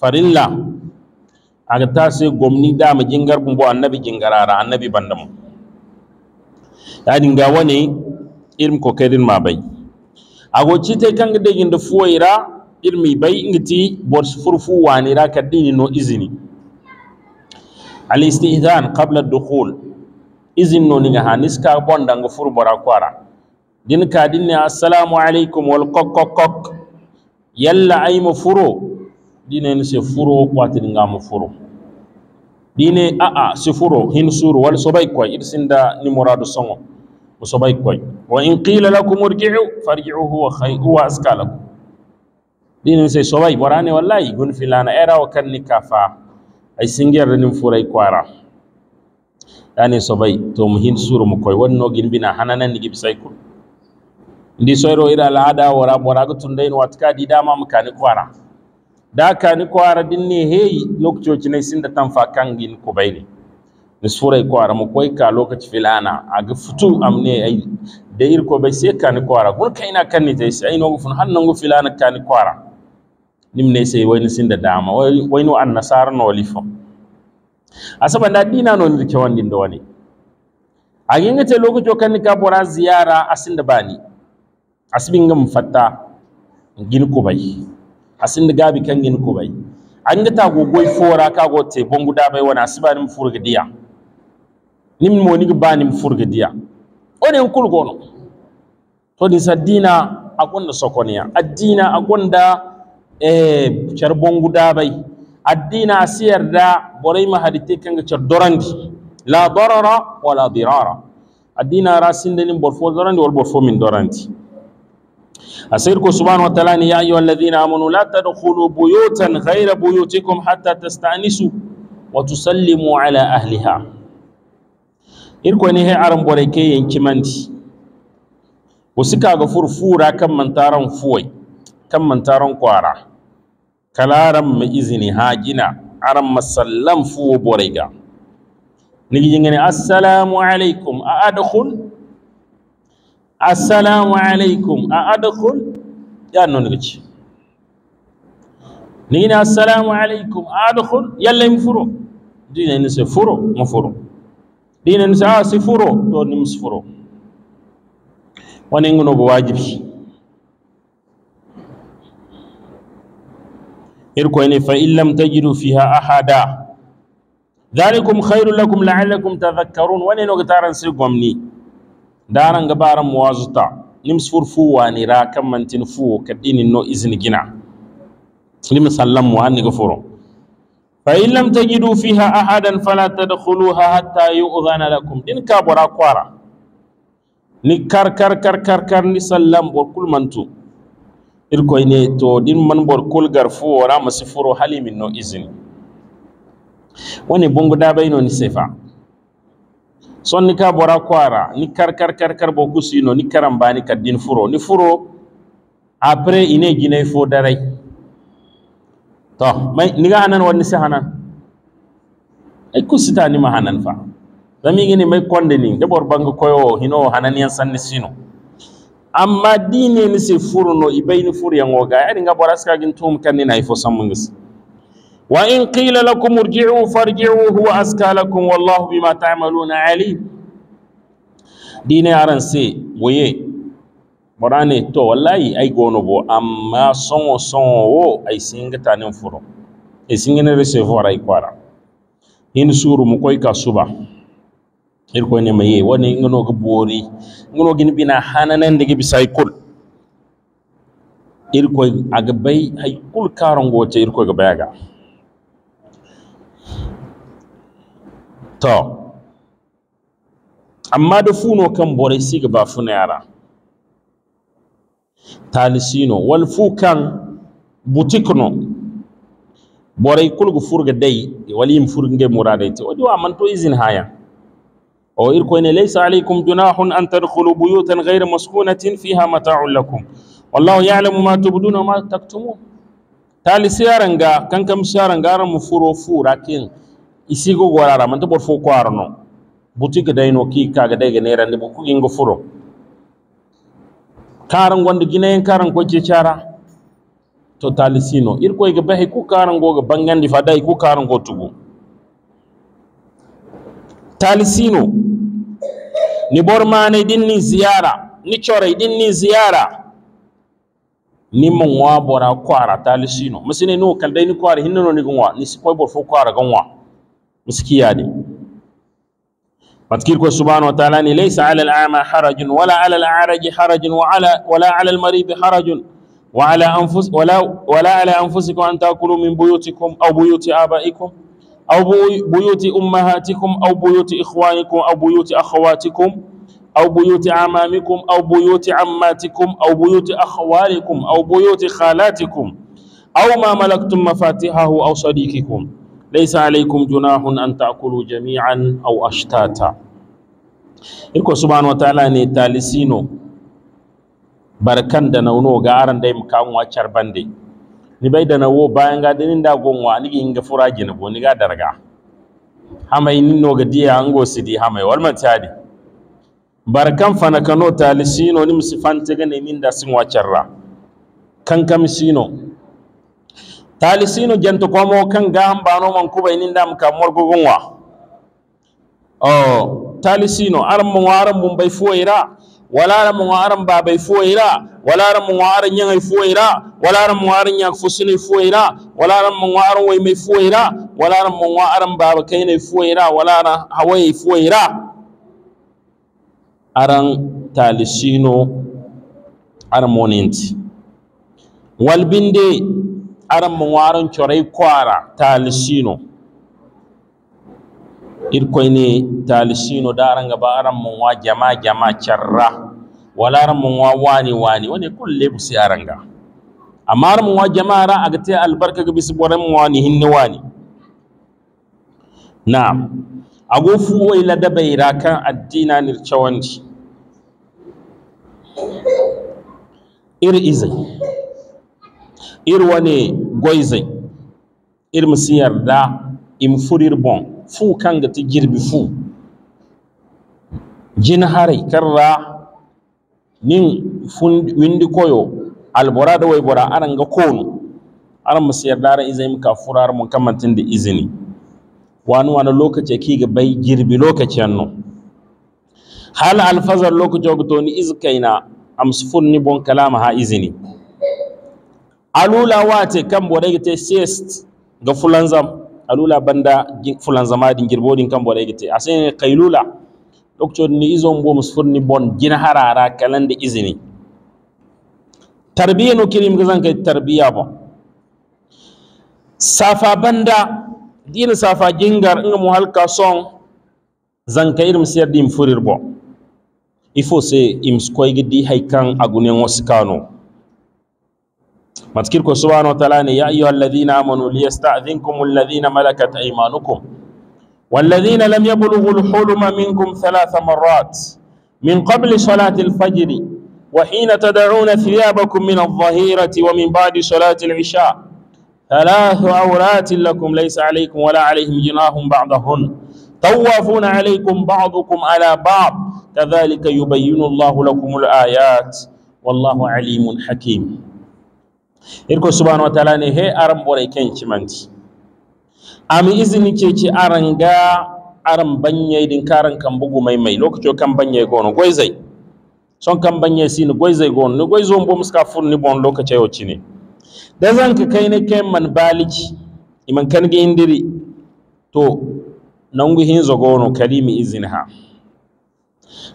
farilla aga ta se gomni da ma jingar bumbo annabi jingarara annabi bandamu yani ga wani irin kokarin ma bai agoci te kanga de ginda fuwaira irmi bai ingiti bors furfu wani ra kadini no izini al istihdan qabla dukhul izin no ni hanis ka bonda furbora kwara din ka dinne assalamu alaikum wal kok kok kok yalla aymo furo dine ni se furo nga ngamo furo dine aa se furo hin suru wal sobay koy iɗa sinda ni muradu songo mo sobay koy wa in qila lakum urjiu farjiu huwa khayru wa aska dine ni se sobay borane wallahi gun filana era wa kan ka fa ay singer nin furay kwara dane sobay to mo hin suru mo koy wonno gin bina hananan ni gibsay kul ndi soyro ira laada wara moraga tundayin watka di dama mukani kwara da kani kwara dinne heyi lokacoci ne sinda tanfa kangin bayni ni surai kwara mu koi ka lokaci filana aga futu amne ai da ko bai sai kani kwara gun kaina kanni tay sai no fun hannan go filana kani kwara ne sai wani sinda dama wai an nasar no lifo asaban da dina no ni ke wani ndo wani a ginga te lokaci kan ka bora ziyara asinda bani asibin gam fatta gin kubai asin da gabi kan gin kubai an ga tagogoi fora kago te bongu guda bai wani asiba nim furgidiya ga ba ni ba o ne kul gono to ni sadina gonda sokoniya addina gonda eh char bongu guda bai addina siyar da borai mahadite ga char dorandi la darara wala dirara addina rasin da ni borfo dorandi wal borfo min dorandi asir ku subhanahu wa ta'ala ni ya ayyuhal ladhina amanu la tadkhulu buyutan ghayra buyutikum hatta tasta'nisu wa tusallimu ala ahliha irko ne he aran bore ke yanki manti wasika ga furfura kan mantaran fuwai kan mantaran kwara kalaran mu izini ha gina aran masallan fuwo borega nigi jingane assalamu alaikum a adkhul assalamu alaikum a adakun ya non rici ni na assalamu alaikum a adakun yalla yi furo dina yi nisa furo ma furo dina nisa a ah, si furo to ni musu furo wani ngono wajibi irko ne fa illam tajidu fiha ahada dhalikum khairu lakum la'allakum tadhakkarun wani no gitaran sai gwamni daran ga baran muwazuta nims fur fuwa ni ra kan mantin fuwo kadini no izini gina lim sallam mu hanni ga furo fa in lam tajidu fiha ahadan fala tadkhuluha hatta yu'dhana lakum din ka bora kwara ni kar kar kar kar kar ni sallam bor kul mantu ir koy ne to din man bor kul gar fuwo ra masifuro halimin no izini wani bungu da bayno ni sefa son ni ka bora kwara ni kar kar kar kar bo kusino ni karamba ni kadin furo ni furo apre ine gine fo darai to mai ni ga hanan wani se hanan ai kusita ni ma hanan fa dami gini mai konde ni de bor banga koyo hino hanan yan san ni sino amma dine ni se furo no ibai ni furo yan woga ni ga bora ska gin tum kan ni na ifo samun gisi wa in qila lakum irji'u farji'u huwa aska lakum wallahu bima ta'maluna alim dine aran se woye borane to wallahi ay gono bo amma songo songo wo ay singa tanen furo e singa ne receive ay kwara in suru mu koy ka suba ir ko ne maye woni ngono go bori ngono gin bina hananen de gibi sai kul ir a gabai bay ay kul karongo te ir ko ga bayaga to amma da funo kan bore siga ba funa yara talisino wal fukan kan butikno bore kulgu furga dai wali yin furge muradaiti wadi wa man to izin haya o irko ne laysa alaykum dunahun an tadkhulu buyutan ghayra maskunatin fiha mata'un lakum wallahu ya'lamu ma tubduna ma taktumun tali siyaranga kankam siyaranga ran mu furo fura kin isigo gwarara, manto bor fo no, arno boutique dayno ki kaga dayga nerande bo ku ingo furo karan gonde ginayen karan ko cecara to ir irko ga bahe ku karan go ga bangandi fa dai ku karan go tugu talisino ni bor mane din ni ziyara ni chore din ni ziyara ni mun wa bora kwara talisino musine no kal dai ni kwara hinno ni gunwa ni sikoi bor fo kwara gunwa msikia hadi فتكيرك سبحانه وتعالى ليس على الأعمى حرج ولا على الأعرج حرج وعلى ولا على المريض حرج وعلى أنفس ولا ولا على أنفسكم أن تأكلوا من بيوتكم أو بيوت آبائكم أو بيوت أمهاتكم أو بيوت إخوانكم أو بيوت أخواتكم أو بيوت عمامكم أو بيوت عماتكم أو بيوت أخوالكم أو بيوت خالاتكم أو ما ملكتم مفاتيحه أو صديقكم ليس عليكم جناح أن تأكلوا جميعا أو أشتاتا إلكو سبحانه وتعالى نتالسينو barkan da nauno ga aran dai mukan wacar bande ni bai da nawo bayan ga dinin da gonwa ni in ga furaji na boni ga darga hamai ni no ga diya an go sidi hamai wal man tadi barkan fana kano talisino ni musifante ga ne min da sin wacarra kan kam sino talisino jento komo kan gam bano man kubai nin dam ka morgogon wa o talisino aram mo aram mun bay foira wala aram mo aram ba bai foira wala aram mo aram yan ai foira wala aram mo aram yak fusini foira wala aram mo aram way mai foira wala aram mo aram ba ba kai ne foira wala ran hawai foira aran talisino armoninti walbinde aran mo waran coray kwara talisino irkoyne talisino daranga ba aran mo wa jama jama charra wala aran mo wa wani wani wani kulle busi aranga amma aran mo wa jama ra agate albarka ga bisi boran mo wani hinni wani na'am ago fu wai ladabaira kan addina nircawanci ir izai Irwa ne goizai irin misi yarda in furir bon fu ga ta girbi fu jin harai karra nin windi koyo albora da waibora anan ga konu aran musu yarda aran izai muka furar mun kamantin da izini wani wani lokaci ki ga bai girbi lokaci no hal alfazar lokaci to ni izkaina amsufun ni bon kalama ha izini alula wate kam gite sest ga fulanzam alula banda fulanzama ɗin gite. A sai ne kailula. docteur ni izon bo musfurni bon gina harara kalan da izini. tarbiya no kirim ga zanka tarbiya bo safa banda din safa jingar in mu halka son zanka irim siyar dim furir bo il se im skoy gidi haykan agune kano. matikir ko subhanahu wa ta'ala ايها ya امنوا ليستاذنكم amanu liyasta'dhinkum alladhina malakat aymanukum والذين لم يبلغوا الحلم منكم ثلاث مرات من قبل صلاة الفجر وحين تدعون ثيابكم من الظهيرة ومن بعد صلاة العشاء ثلاث عورات لكم ليس عليكم ولا عليهم جناح بعضهن طوافون عليكم بعضكم على بعض كذلك يبين الله لكم الآيات والله عليم حكيم irko subhanahu wa ta'ala ne he aran bore ken cimanti ami izini ke ci aran ga aran banye din karan kan bugu mai mai lokaci kan banye gono goizai son kan banye sini goizai gono ni goizo mbo muska fun ni bon lokaci yo cine da zan ka kai ne kai man baliji, iman kan ga indiri to nangu hinzo gono kalimi ha.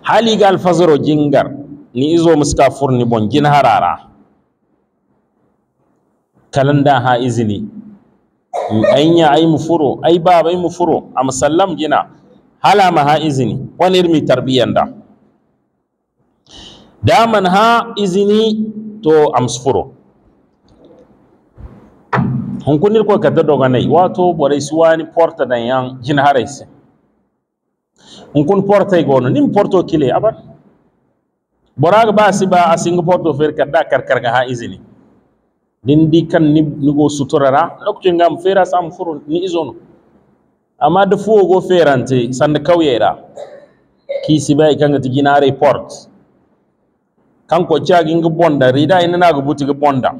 hali ga alfazaro jingar ni izo muska fur ni bon jin harara kalanda ha izini ya ai mu furo ai ba bai mu furo A musallam gina hala ma ha izini wani irmi tarbiyan da daman ha izini to am furo hunkunir kwa ko kadda doga nai wato su wani porta dan yan jin haraisi hun kun porta gono nim porto kile abar bora ba si ba a singa porto fer kadda karkar ga ha izini dindi kan ni nigo suturara lokacin gam fera sam furun ni izono amma da fuwo go ferante sanda kauyera kisi bai kanga tigina report kan ko cha ginga bonda rida ina na gubuti ga bonda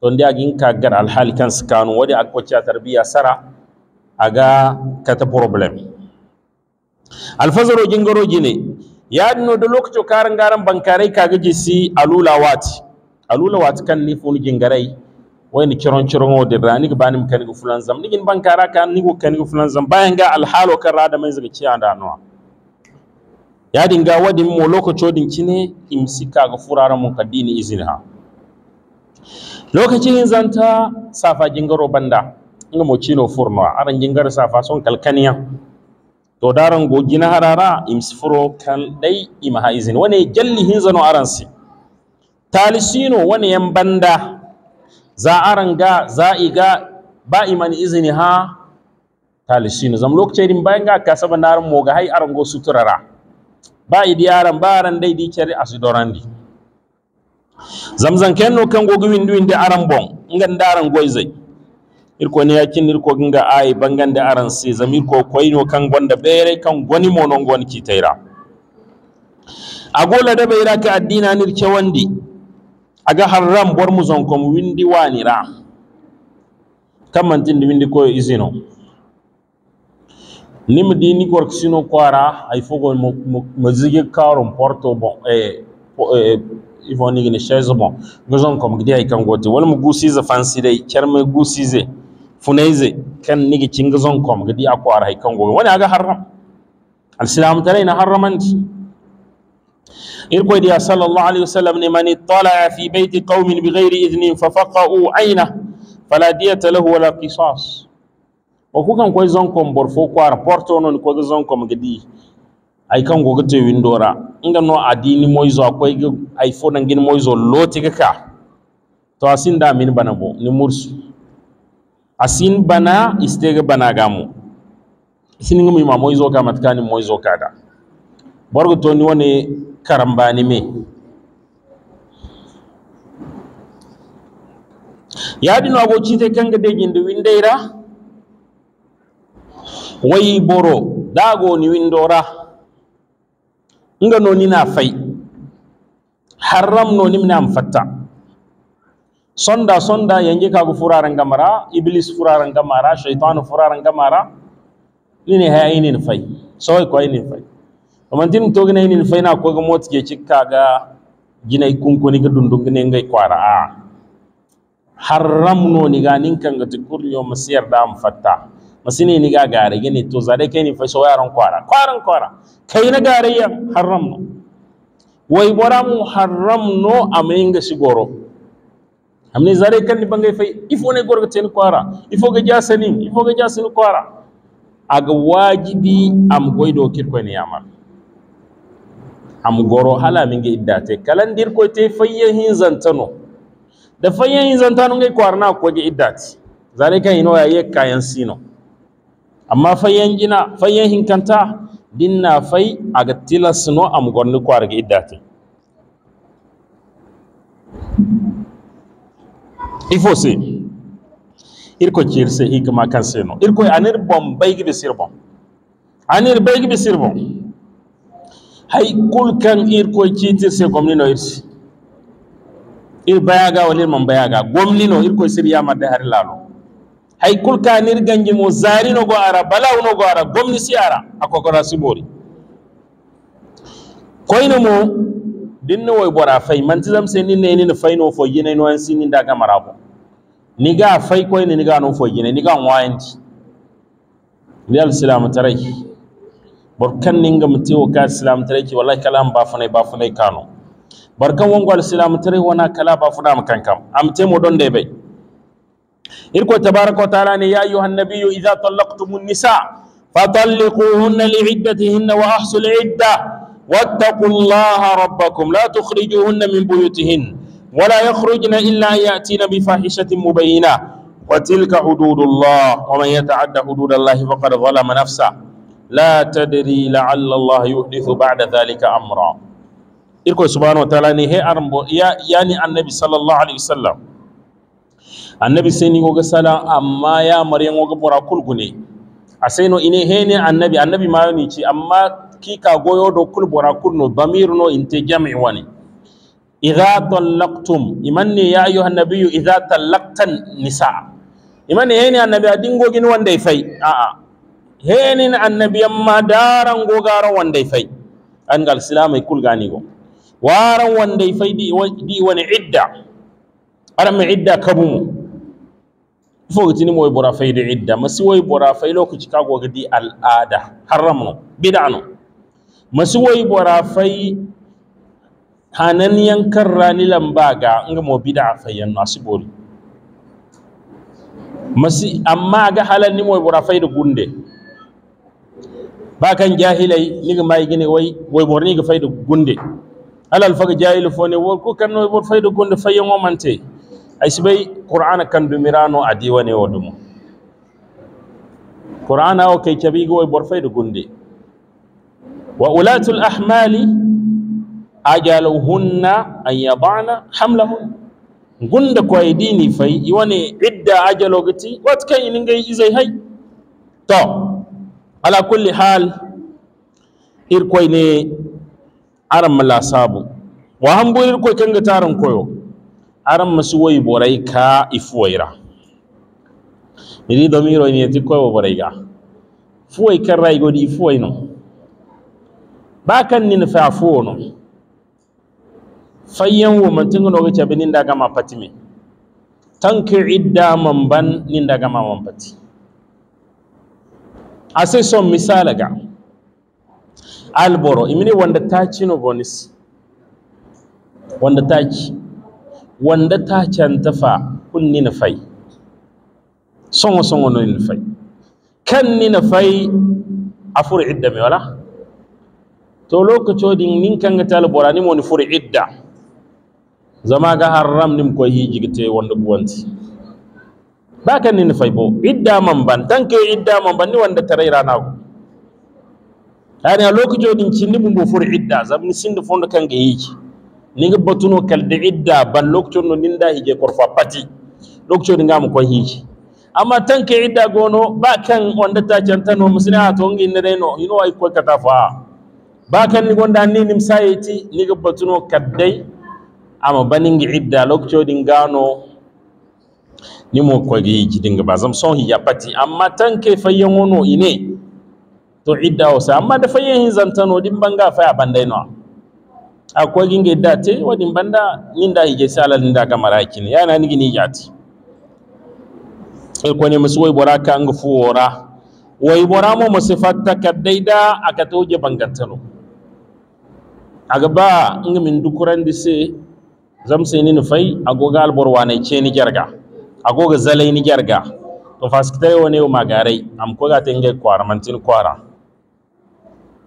to ndi agin ka gar alhali kan skanu wadi akko cha tarbiya sara aga kata problem alfazaro gingaro gine ya dino da lokacin karan garan bankarai kaga jisi alulawati alula wati kan ni funi gingarai ni kiron kiron o dirra ni ni kan go fulan zam ni gin bankara kan ni go kan go fulan zam bayan ga alhalo kan rada mai zaga ciya da nawa ya dinga wadin mo lokaco din cine imsika ga furara mun kaddini izinha lokacin zanta safa jingaro banda nga mo cino furno aran jingaro safa son kalkaniya to daran go gina harara imsifuro kan dai imaha izin wane jalli hinzano aransi talisino wani yan banda za a ranga za a iga ba imani izini ha talisino zama lokacin bayan ga kasaba naran moga hay rango suturara ba idi aran ba aran dai di cari asidorandi zamzan kenno kan gogu windu winde aran bon ngan daran zai irko ne yakin irko ginga ai bangan da aran sai zamir ko koino kan gwanda bere kan gwani, monon gwani gon A agola da bai raka addina nirke wandi aga haram bor mu kom windi wanira kamantindi windi koyo di ni dini korko sino kwara ay fogo mo zige karo porto bon e, e ni chaise bon ga kom gidi ay goti. wala mo gusize fansi dai kerme gusize Funeze kan nigi cinga kom gidi akwara ay kangoge wani aga harram alsilamu tare na haramanti إركو دي صلى الله عليه وسلم من اطلع في بيت قوم بغير إذن ففقأوا عينه فلا دية له ولا قصاص وكوكان كوي زنكم برفو كوار kan te windora inga no adini moizo akwai ga iphone gini moizo loti ka to asin da min bana ni mursu asin bana istega bana gamu isin ngumi ma moizo ka kani moizo kada borgo to ni woni karambani me yaadino abocite kanga de ñinde windeira Wai boro ni windora nga no nina fai. haram no ni am fatta sonda sonda yanji kago furarangamara iblis furarangamara cheitanu furarangamara nine ha inin fay sowoy ko inin fai. amantin togina inin faina ko ga motsi ke cikka ga gina kunkuni ga dundun gine ngai kwara a haram no ni ga nin kan ga tikur yo masiyar da am fatta masini ni ga gare gine to zade kai ni fa so yaran kwara kwaran kwara kai na gare ya haram no wai boramu mu haram no amin ga shigoro amne zare kan ni bangai fai ifo ne gorga ten kwara ifo ga jasanin ifo ga jasanin kwara aga wajibi am goido kirko yamar am goro hala minge iddate kalandir koyte fayyahin zantano da fayyahin zantano ngai kwarna koge iddati zalika ino ye kayan sino amma fayyan jina fayyahin kanta dinna fay aga tilasno am gonni kwarge iddate ifo se irko cirse hikma kan sino irko anir bom baygi be sirbon anir baygi be sirbon hay kul kan ir koy ciitir se gomni no irsi ir bayaga walir man bayaga gomni no ir koy sir yamadde har lalo hay kul kanir ganji mo go ara go ara gomni si ara akokora sibori koyno mo dinno way bora fay tizam se ni e neni no fayno fo yene no an sini daga marabo ga fay koyne ga no fo ga wanti ni al alsilamu taray barkan ninga mutiwo ka islam tare ki wallahi kala am bafune bafune kano barkan wongo al islam tare wana kala bafuna am kankam am te mo don debe irko tabaraka taala ni ya ayuha nabiyyu idza talaqtumun nisa فطلقوهن لعدتهن wa ahsul idda wattaqullaha rabbakum la tukhrijuhunna min buyutihin ولا يخرجن الا ان ياتين بفاحشه مبينه وتلك حدود الله ومن يتعد حدود الله فقد ظلم نفسه la tadri la'alla Allah yuhdithu ba'da dhalika amra irko subhanahu wa ta'ala ni he arambo ya yani annabi sallallahu alaihi wasallam annabi sai ni goga sala amma ya maryam goga bora kulgune asai no ine he ne annabi annabi ma ni ci amma kika goyo do kul bora kulno damir no inte jami wani idza talaqtum imanni ya ayuha nabiyyu idza talaqtan nisa imanni he ne annabi adingo gin wanda fai a'a henin daran darango garan gal fay angal gani kulganigo waran fai di di wani idda mi idda kabumu fogitini moy bora di idda masi way bora fai lokaci kagoga di al'ada haram bid'anu bida way masi woy bora fay hananiyan karrani lambaga nga mo bida fayan no asibori masi amma ga halanni moy bora da gunde ba kan jahilai niga mai gine wai wai borni ga fayda gunde alal faga jahilu ne wor ko kan no bor fayda gunde fayen wo mante ay sibai qur'ana kan mirano adi wane wodumo qur'ana o kay cabi go wai bor faida gunde wa ulatul ahmali ajaluhunna an yadana hamlahunna gunda ko ay dini fay iwane idda gati wat kan iningai izai hay to ala kulli hal irkoi ne aran mala sabu wa hambo irkoi kanga tarin koyo aran masu wai borai ka ifuwaira miri domiro ne ti koyo borai ga fuwai kan rai godi ifuwai no ba kan ni fa fuwo no fayyan wo mantin no ga cabinin daga ma fatime tanki idda man ban nin daga ma man fatime ase son misalaga alboro imini wanda ta tacino bonis wanda ta ci, wanda ta tacanta fa kunni na fai songo songo no ni fai kan ni na fai a afur idda me wala to lokacin din nin kanga talbora ni moni fur idda zama ga haram nim ko hijigte wanda guwanti baka nin faybo idda ban, tanke idda ban ni wanda rana ku. yani a lokaci din ni bumbo fur idda zamni sindi fondo ga yiki ga batuno da idda ban lokacin no da hije korfa pati lokaci ga mu ko hiji amma tanke idda gono ba kan wanda ta canta no musina to ngi ne no ino ay ko ta fa ba kan ni gonda ni nim ni ga batuno kadde amma banin idda lokacin gano. ni mo ko gi jidinga ga bazam son ya pati amma tan ke fayyan wono ine to idda sa amma da fayyan hin zantano din banga fa ya bandai no akwai ginga idda te wadi banda nin da ije salal nin da kamara kin yana ni gini yati ko ne musu wai boraka an fuwora wai musu fatta ka kaddaida aka toje bangantano agaba ba inga min dukuran dise zam sai ni nufai agogal alborwa ne ce ni jarga agoga zalai ni gerga to yau ne ma garai am ga tenge kwara mantin kwara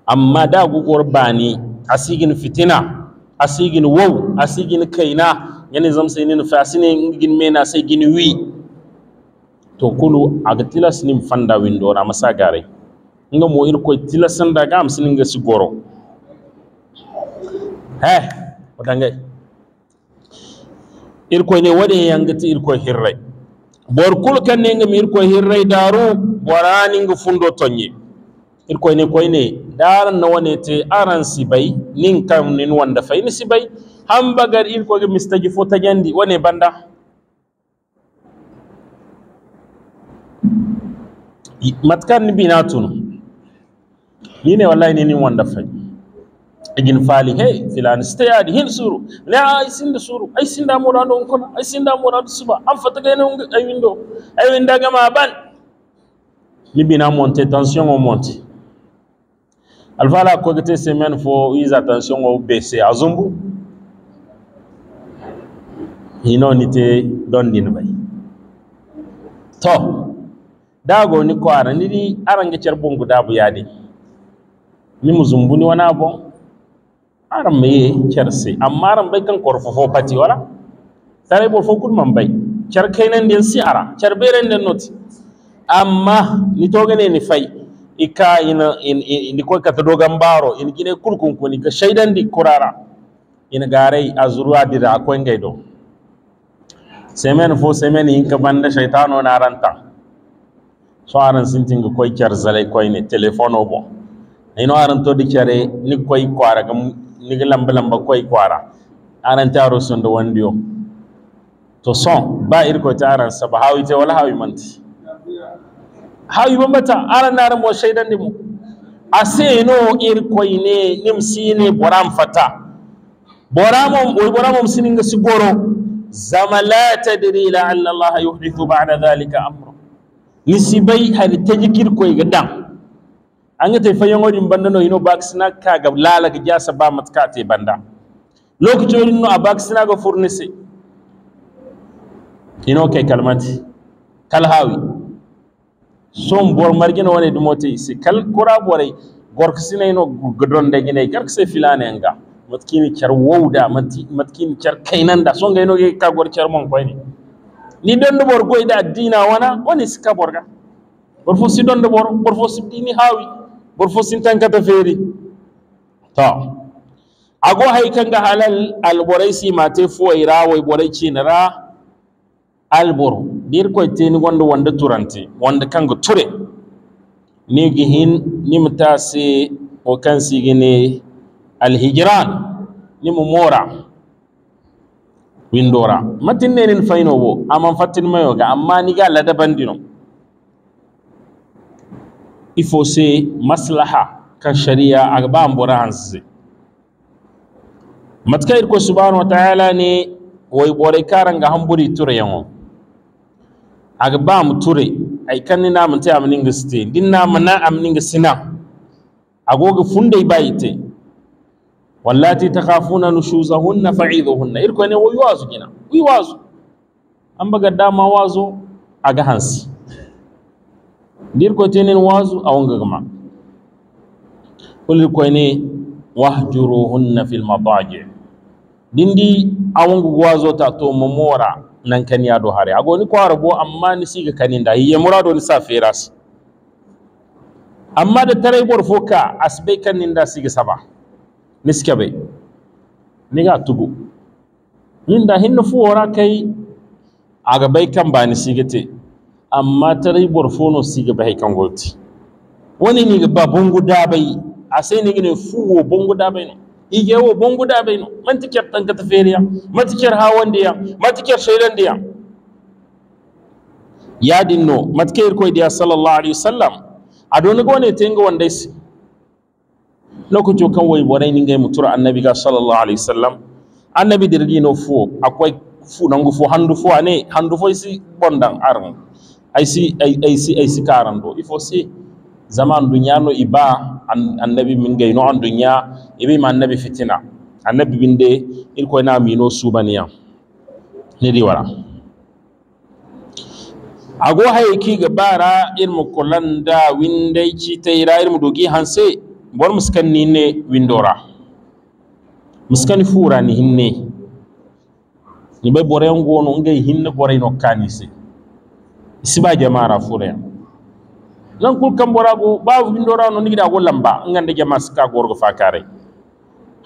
amma da gugor bani asigin fitina asigin wau asigin kaina yani sai ni fasine gin mena sai gin wi to kulu aga tilas nim fanda na masa garai nga mo ir koy tilasan daga am sinin ga sigoro goro he wadangay ir ne wade yangati ir hirrai bor kul ne nga mir ko hirray daru borani nga fundo tonye ir ko ne koy ne daran na wane te aran sibay nin kam nin wanda fay ni sibay ham bagar ir ko mistaji fo tanyandi wane banda matkan ni binatun ni ne wallahi ne nin wanda fay igin fali he filani staya di hin suru a ah, ai sin da suru ai sin da mura don kuna ai sin da mura su ba an fata gane ai windo ai winda ga ma ban libina monte tension o monte alvala ko gete semaine fo is attention o baisse azumbu hino nite don din bai to dago ni ko ara ni arange bongu dabu yadi ni muzumbuni wana bon aram maye kerse amma aram bai kan korfofo pati wala tare bor fo kudman bai kai kainan den si ara car beren den noti amma ni togane ni fai ika ina ni ko kata dogan baro in gine kurkun ko ni ka shaidan di kurara ina garai azruwa dira ko ngai do semen fo semen in ka banda shaitano na ranta so aran sintinga koy car zalai koy ne telefono bo ino aran to di care ni koy kwara gam ligi lamba lamba koy kwara anan taro sun da wandiyo to son ba irko taran sa ba hawi te wala hawi manti hawi bambata aran naran mo shaidan ni mu ase no irko ine nim sine boram fata boramom oy boramom sininga si goro zama la tadri la alla allah yuhdithu ba'da dhalika amra nisibai har tajikir koy ga dan anga te fayango din banda no ino baksina ka ga lala ga jasa ba matka te banda lokaci wani no a ba baksina ga furnise ino kai kalmati kalhawi son bor margina wani dumote isi kal kura borai gorkisina ino gudon da gine garkse filane nga matkini char wauda matkini char kainanda son ga ino ga kagwar char mon kwai ne ni dondo bor goyda dina wana wani sika borga bor fo si dondo bor bor fo si dini hawi burfusin tanka ta fere ta ago haikan kanga halal alboray simate foyra woy boray cinara albor dir koy ni wanda wanda turante wanda kanga ture Ni gihin ni mata se o kan gine alhijran mu mora windora matin nin fayno wo fatin mayo ga. amma ni ga ladaban ladabandino ifose maslaha kan sharia agba ambora hanse matka irko subhanahu wa ta'ala ne wai bore karan ga hamburi ture yango agba mu ture ai kan ni na mun ta amnin gaste din na mun na amnin gasina agoga funde bayite wallati takhafuna nushuzahunna fa'idhuhunna irko ne wai wazu gina wai wazu an baga dama wazo aga hansi dir ko tenin wazu awonga gama kulir koyne wahjuruhunna fil madaji dindi awonga wazo ta to momora nan kan yado hare ni kwa arabo amma ni siga kaninda hiye murado ni safiras amma da tare bor foka asbe kaninda siga saba ni ga tugu ninda hinno fuwora kai aga bai kan bani sigate amma tarai borfono siga bahay kangolti Wani ne ba bongu a sai ni gine fuwo bongu ne, no ige wo bungu dabay bai ne ker tanka ta feriya manti hawan hawande ya manti ker shaydande ya yadin no manti ker koy dia sallallahu alaihi wasallam adona gone tenga wanda isi lokacin kan wai borai ningai mutura annabi ga sallallahu alaihi wasallam annabi dirgi no fuwo akwai fu nangu fu handu fu ne? handu fo isi bondan arang aysi si aysi karan ɗo il faut si zama an duña no i ba annabi min gay no an duña iɓima nabi fitina annabi min de ir koyna mino subaniya di wara ago hay kiga bara irma kolanda winday citayra irma dogi hanse bor muskanni ne windora fura ni hinne ni ɓe bore gono ngay hinne ɓoray nokkani se siba jamara furya zan kul borago go babu bin dora no ba, go lamba jama'a jama ska gorgo fakare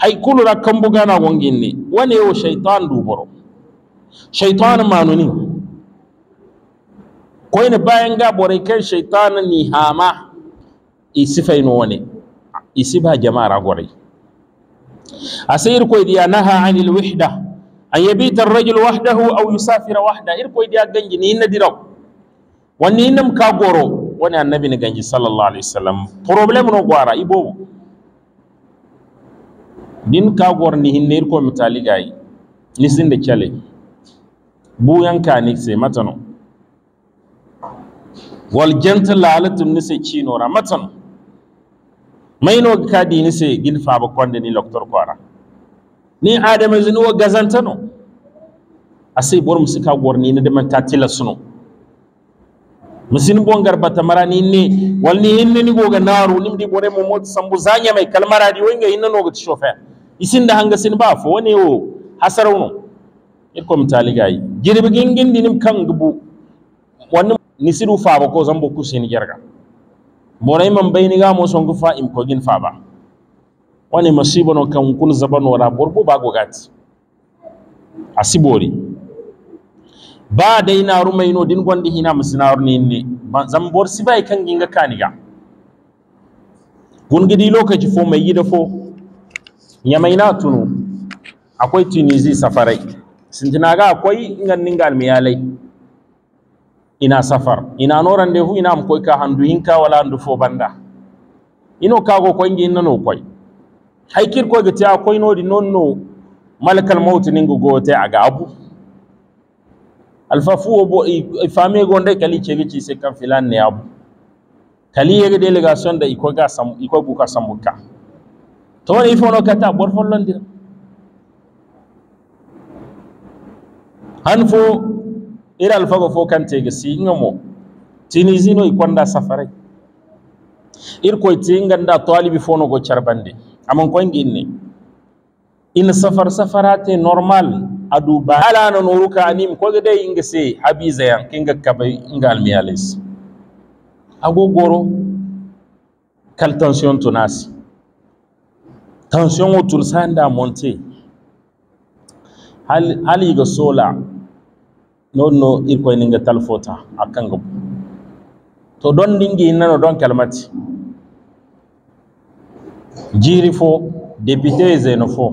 hay kulu ra kan buga go nginni wane yo shaytan du boro shaytan manuni koyne bayan ga borai kan shaytan ni hama isifai no wane isiba ra gore asir ko diya naha anil wahda an yabita ar-rajul wahdahu aw yusafira wahda ir ko diya ganjini ni nadiraw wani nam ka goro wani annabi ni ganji sallallahu alaihi wasallam problem no gwara ibo din ka gor ni hinne ko mitali gayi ni sin da kyale bu yanka ni se matano wal janta lalatun ni se chino ra matano mai no ka di ni se fa ba konde ni doktor kwara ni adama zinu gazantano asai bor musika gor ni na da man tatila suno musin bongar mara ni ne walni hinne ni goga naru nimdi bore mo mot sambu zanya mai kalmara di wenga hinna no gati shofa isin da hanga sin ba fo ne o hasarawno irko mitali gayi girbi gingin dinim kan gubu wani nisiru ba ko zambo kusini jarga bore man bayni ga mo songu fa im ko gin ba. wani masibono kan kun zabano ra borbo ba gogati asibori ba dai naru no din gwanda hina musinaru ne ne zambor sibai kan ginga kaniga gungidi lokaci fo mai yi da fo na tunu akwai tunizi safarai ga akwai ingannin galmiyalai ina safar ina noran defu ina mkoi ka handu ka wala handu fo banda ino kago ko ingi inna no koi haikir ko gati akwai no di nonno malakal mautu ningu gote aga abu alfafuwo bo ifame gonde kali chege chi se kan filan ne abu kali ga delegation da iko ga sam iko buka samuka to wani no kata bor follon dir hanfo ira alfago fo kan tege si ngamo tinizino ikonda safare ir koy tinganda talibi no go charbande amon ko ne in safar safarate normal adu ba ala na noruka anim ko ga dai inga sai habiza yan kinga kabai inga almiyalis agogoro kal tension tunasi tension o tur sanda monte hal hali ga sola no no ko inga talfota akan ga to don dingi nano don kalmati jiri fo député zenofo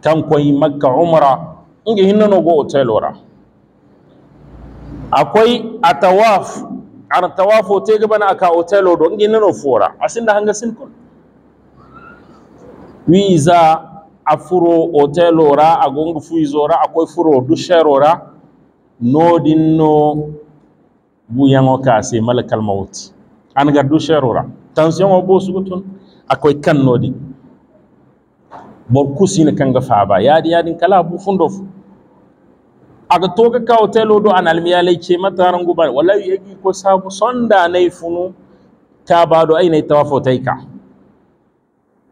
kankoy makka inge hinna no go hotel ora akwai atawaf ar tawafo te gabana aka hotel o do nge no fora da hanga kun wiza afuro hotel agong agongo fuizora akwai furo du sherora nodin no buyango kase malakal maut an gardu sherora tension o bo sugutun akwai kan nodin bor ne kanga faba yadi yadin kala bu fundof aga toga ka hotelo do almiya lay ce mata ran guba wallahi yagi ko sabu sonda nay funu ta bado ay nay tawafo tayka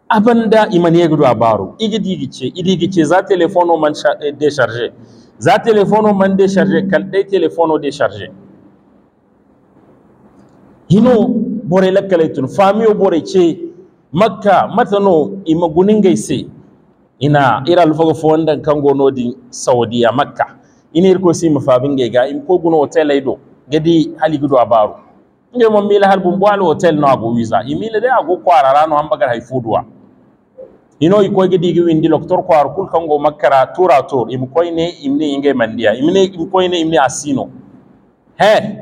abanda imaniye gudu abaro igidi gice idigi ce za telefono man eh, décharger za telefono man décharger kal dai telefono décharger hino bore lakalaitun, famiyo bore ce makka matano imagunin gaise ina ira lufago fondan kango nodi ya makka ini irko si mafabinge ga in ko guno hotel aido gadi hali gudu abaru nge mo mila har bumbo al hotel no ago visa imile de ago kwara rano ambagar hay fudwa ino iko gidi gi windi doktor kwar kul kango makkara tura tur im koyne imne inge mandiya imne im koyne imne asino he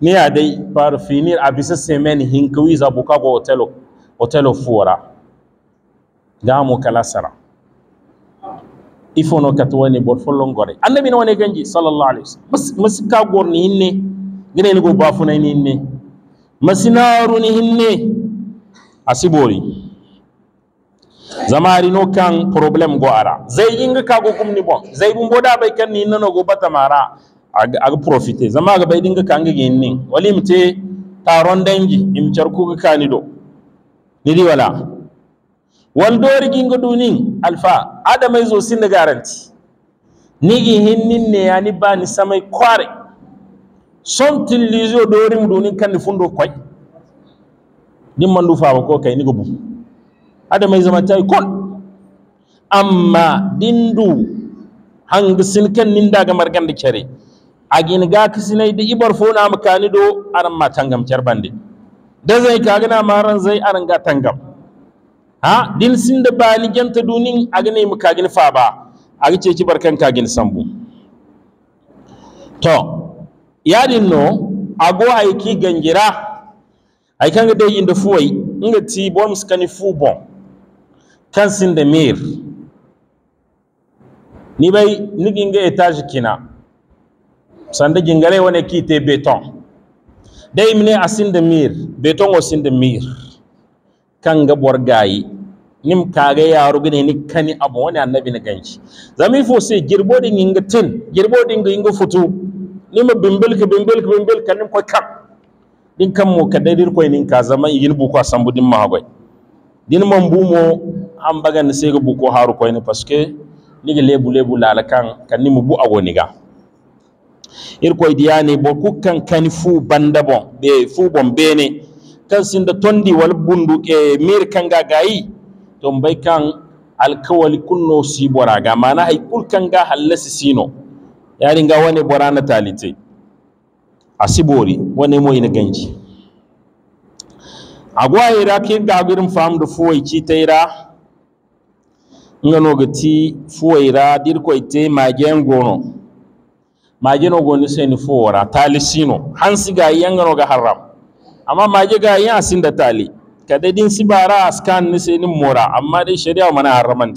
ni adai par finir abisa semen hinkawi za bukago hotel hotel fora gamo kala sara ifono katwani bor follon gore annabi no ne ganji sallallahu alaihi wasallam mas ka gorni hinne ngene ni go bafuna ni hinne masinaru ni hinne asibori zamari no kan problem go ara zai yinga ka go kumni bon zai bun boda bai kan ni nono go bata mara ag profite zama ga bai dinga kan ga ginni wali mte taron dangi im charku ga kanido ni di wala waldori ginga dunin alfa zo sin da garanti nigi hinnin ne ni ba ni samai kware son tillizo dori mu dunin kan do kwai din man dufa ba ko kai ni gubu adama zama tai kon amma dindu hang sin kan nin ga margan da kere agin ga kisinai da ibar fona makani do aran ma tangam charbande da zai kaga na maran zai aran ga tangam ha din sin da bali ganta dunin a gane mu kagin fa ba a ce ki barkan kagin sambu to yadin no ago aiki gangira kan ga dai inda fuway nga ti bon ni fu bon kan sin da mir ni bai nigi ga etage kina sanda gingare wane ki te beton dai mine asin da mir beton o sin da mir kan ga bor gayi nim kage yarugine ni kani abu wani annabi na ganci zami fo se girbo din inga tin girbo din ga inga futu nim bimbil ka bimbil ka bimbil ka nim ko ka. din kan mo ka dadir koy nin ka zama yin bu ko sambu din ma goy din man bu mo am baga ni se bu ko haru koy ni paske ni ga lebu lebu lala kan kan bu bu ni ga ir diya ne bo ku kan fu bandabon be fu bon bene kan sinda tondi wal bundu e mir ga gayi tombay kan alkawali kunno si bora ga mana hay kul kan ga halasi sino yari ga wani bora na talite asibori wani moyi na ganji agwa ira ke ga birin fam da fuwai ci taira ngano gati dir ko ite magen gono magen gono sai ni fuwara talisino hansi ga yan ngano ga haram amma mage ga yan sin da tali kada din a scan ni sai nin mora amma dai shari'a mana haraman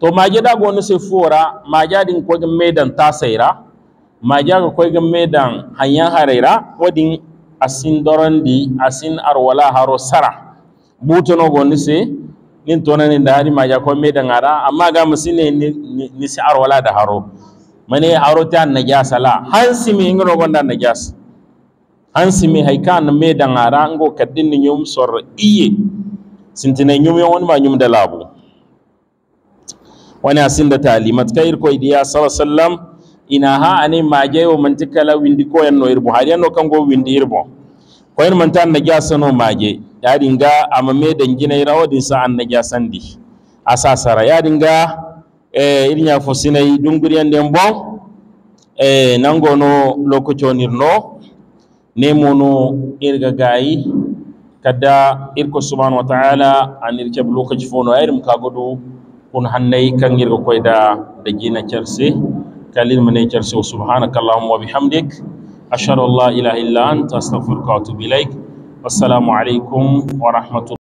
to mage da go ni sai fora mage din ko gin medan ta saira mage ga ko gin medan hanyan haraira wadin asin dorandi asin arwala haro sara buto no go ni sai nin tona ni da hari mage ko medan ara amma ga musine ni ni sai arwala da haro mane haro ta najasa la hansi mi ngoro gonda najasa mi haikan me dangara ngo kadin nyum sor iye sintine nyum yon ma nyum da labu wani asin da talimat kair ko idiya sallallahu ina ha ani maje o mantikala windi ko yan no irbo hadi no kango windi irbo ko yan mantan na jasano maje ya dinga amame dangina irawo din sa an na jasandi asasara ya dinga eh irnya fosinai dunguriyan den bon eh nangono lokacin irno nemono irga gayi kada irko subhanahu wa ta'ala anir keb lokaci fono ayrim kagodo kun hannay kan irga koyda da gina kerse kalil mane kerse subhanakallahumma wa bihamdik ashhadu an la ilaha illa anta astaghfiruka wa atubu ilaik assalamu alaikum wa rahmatullahi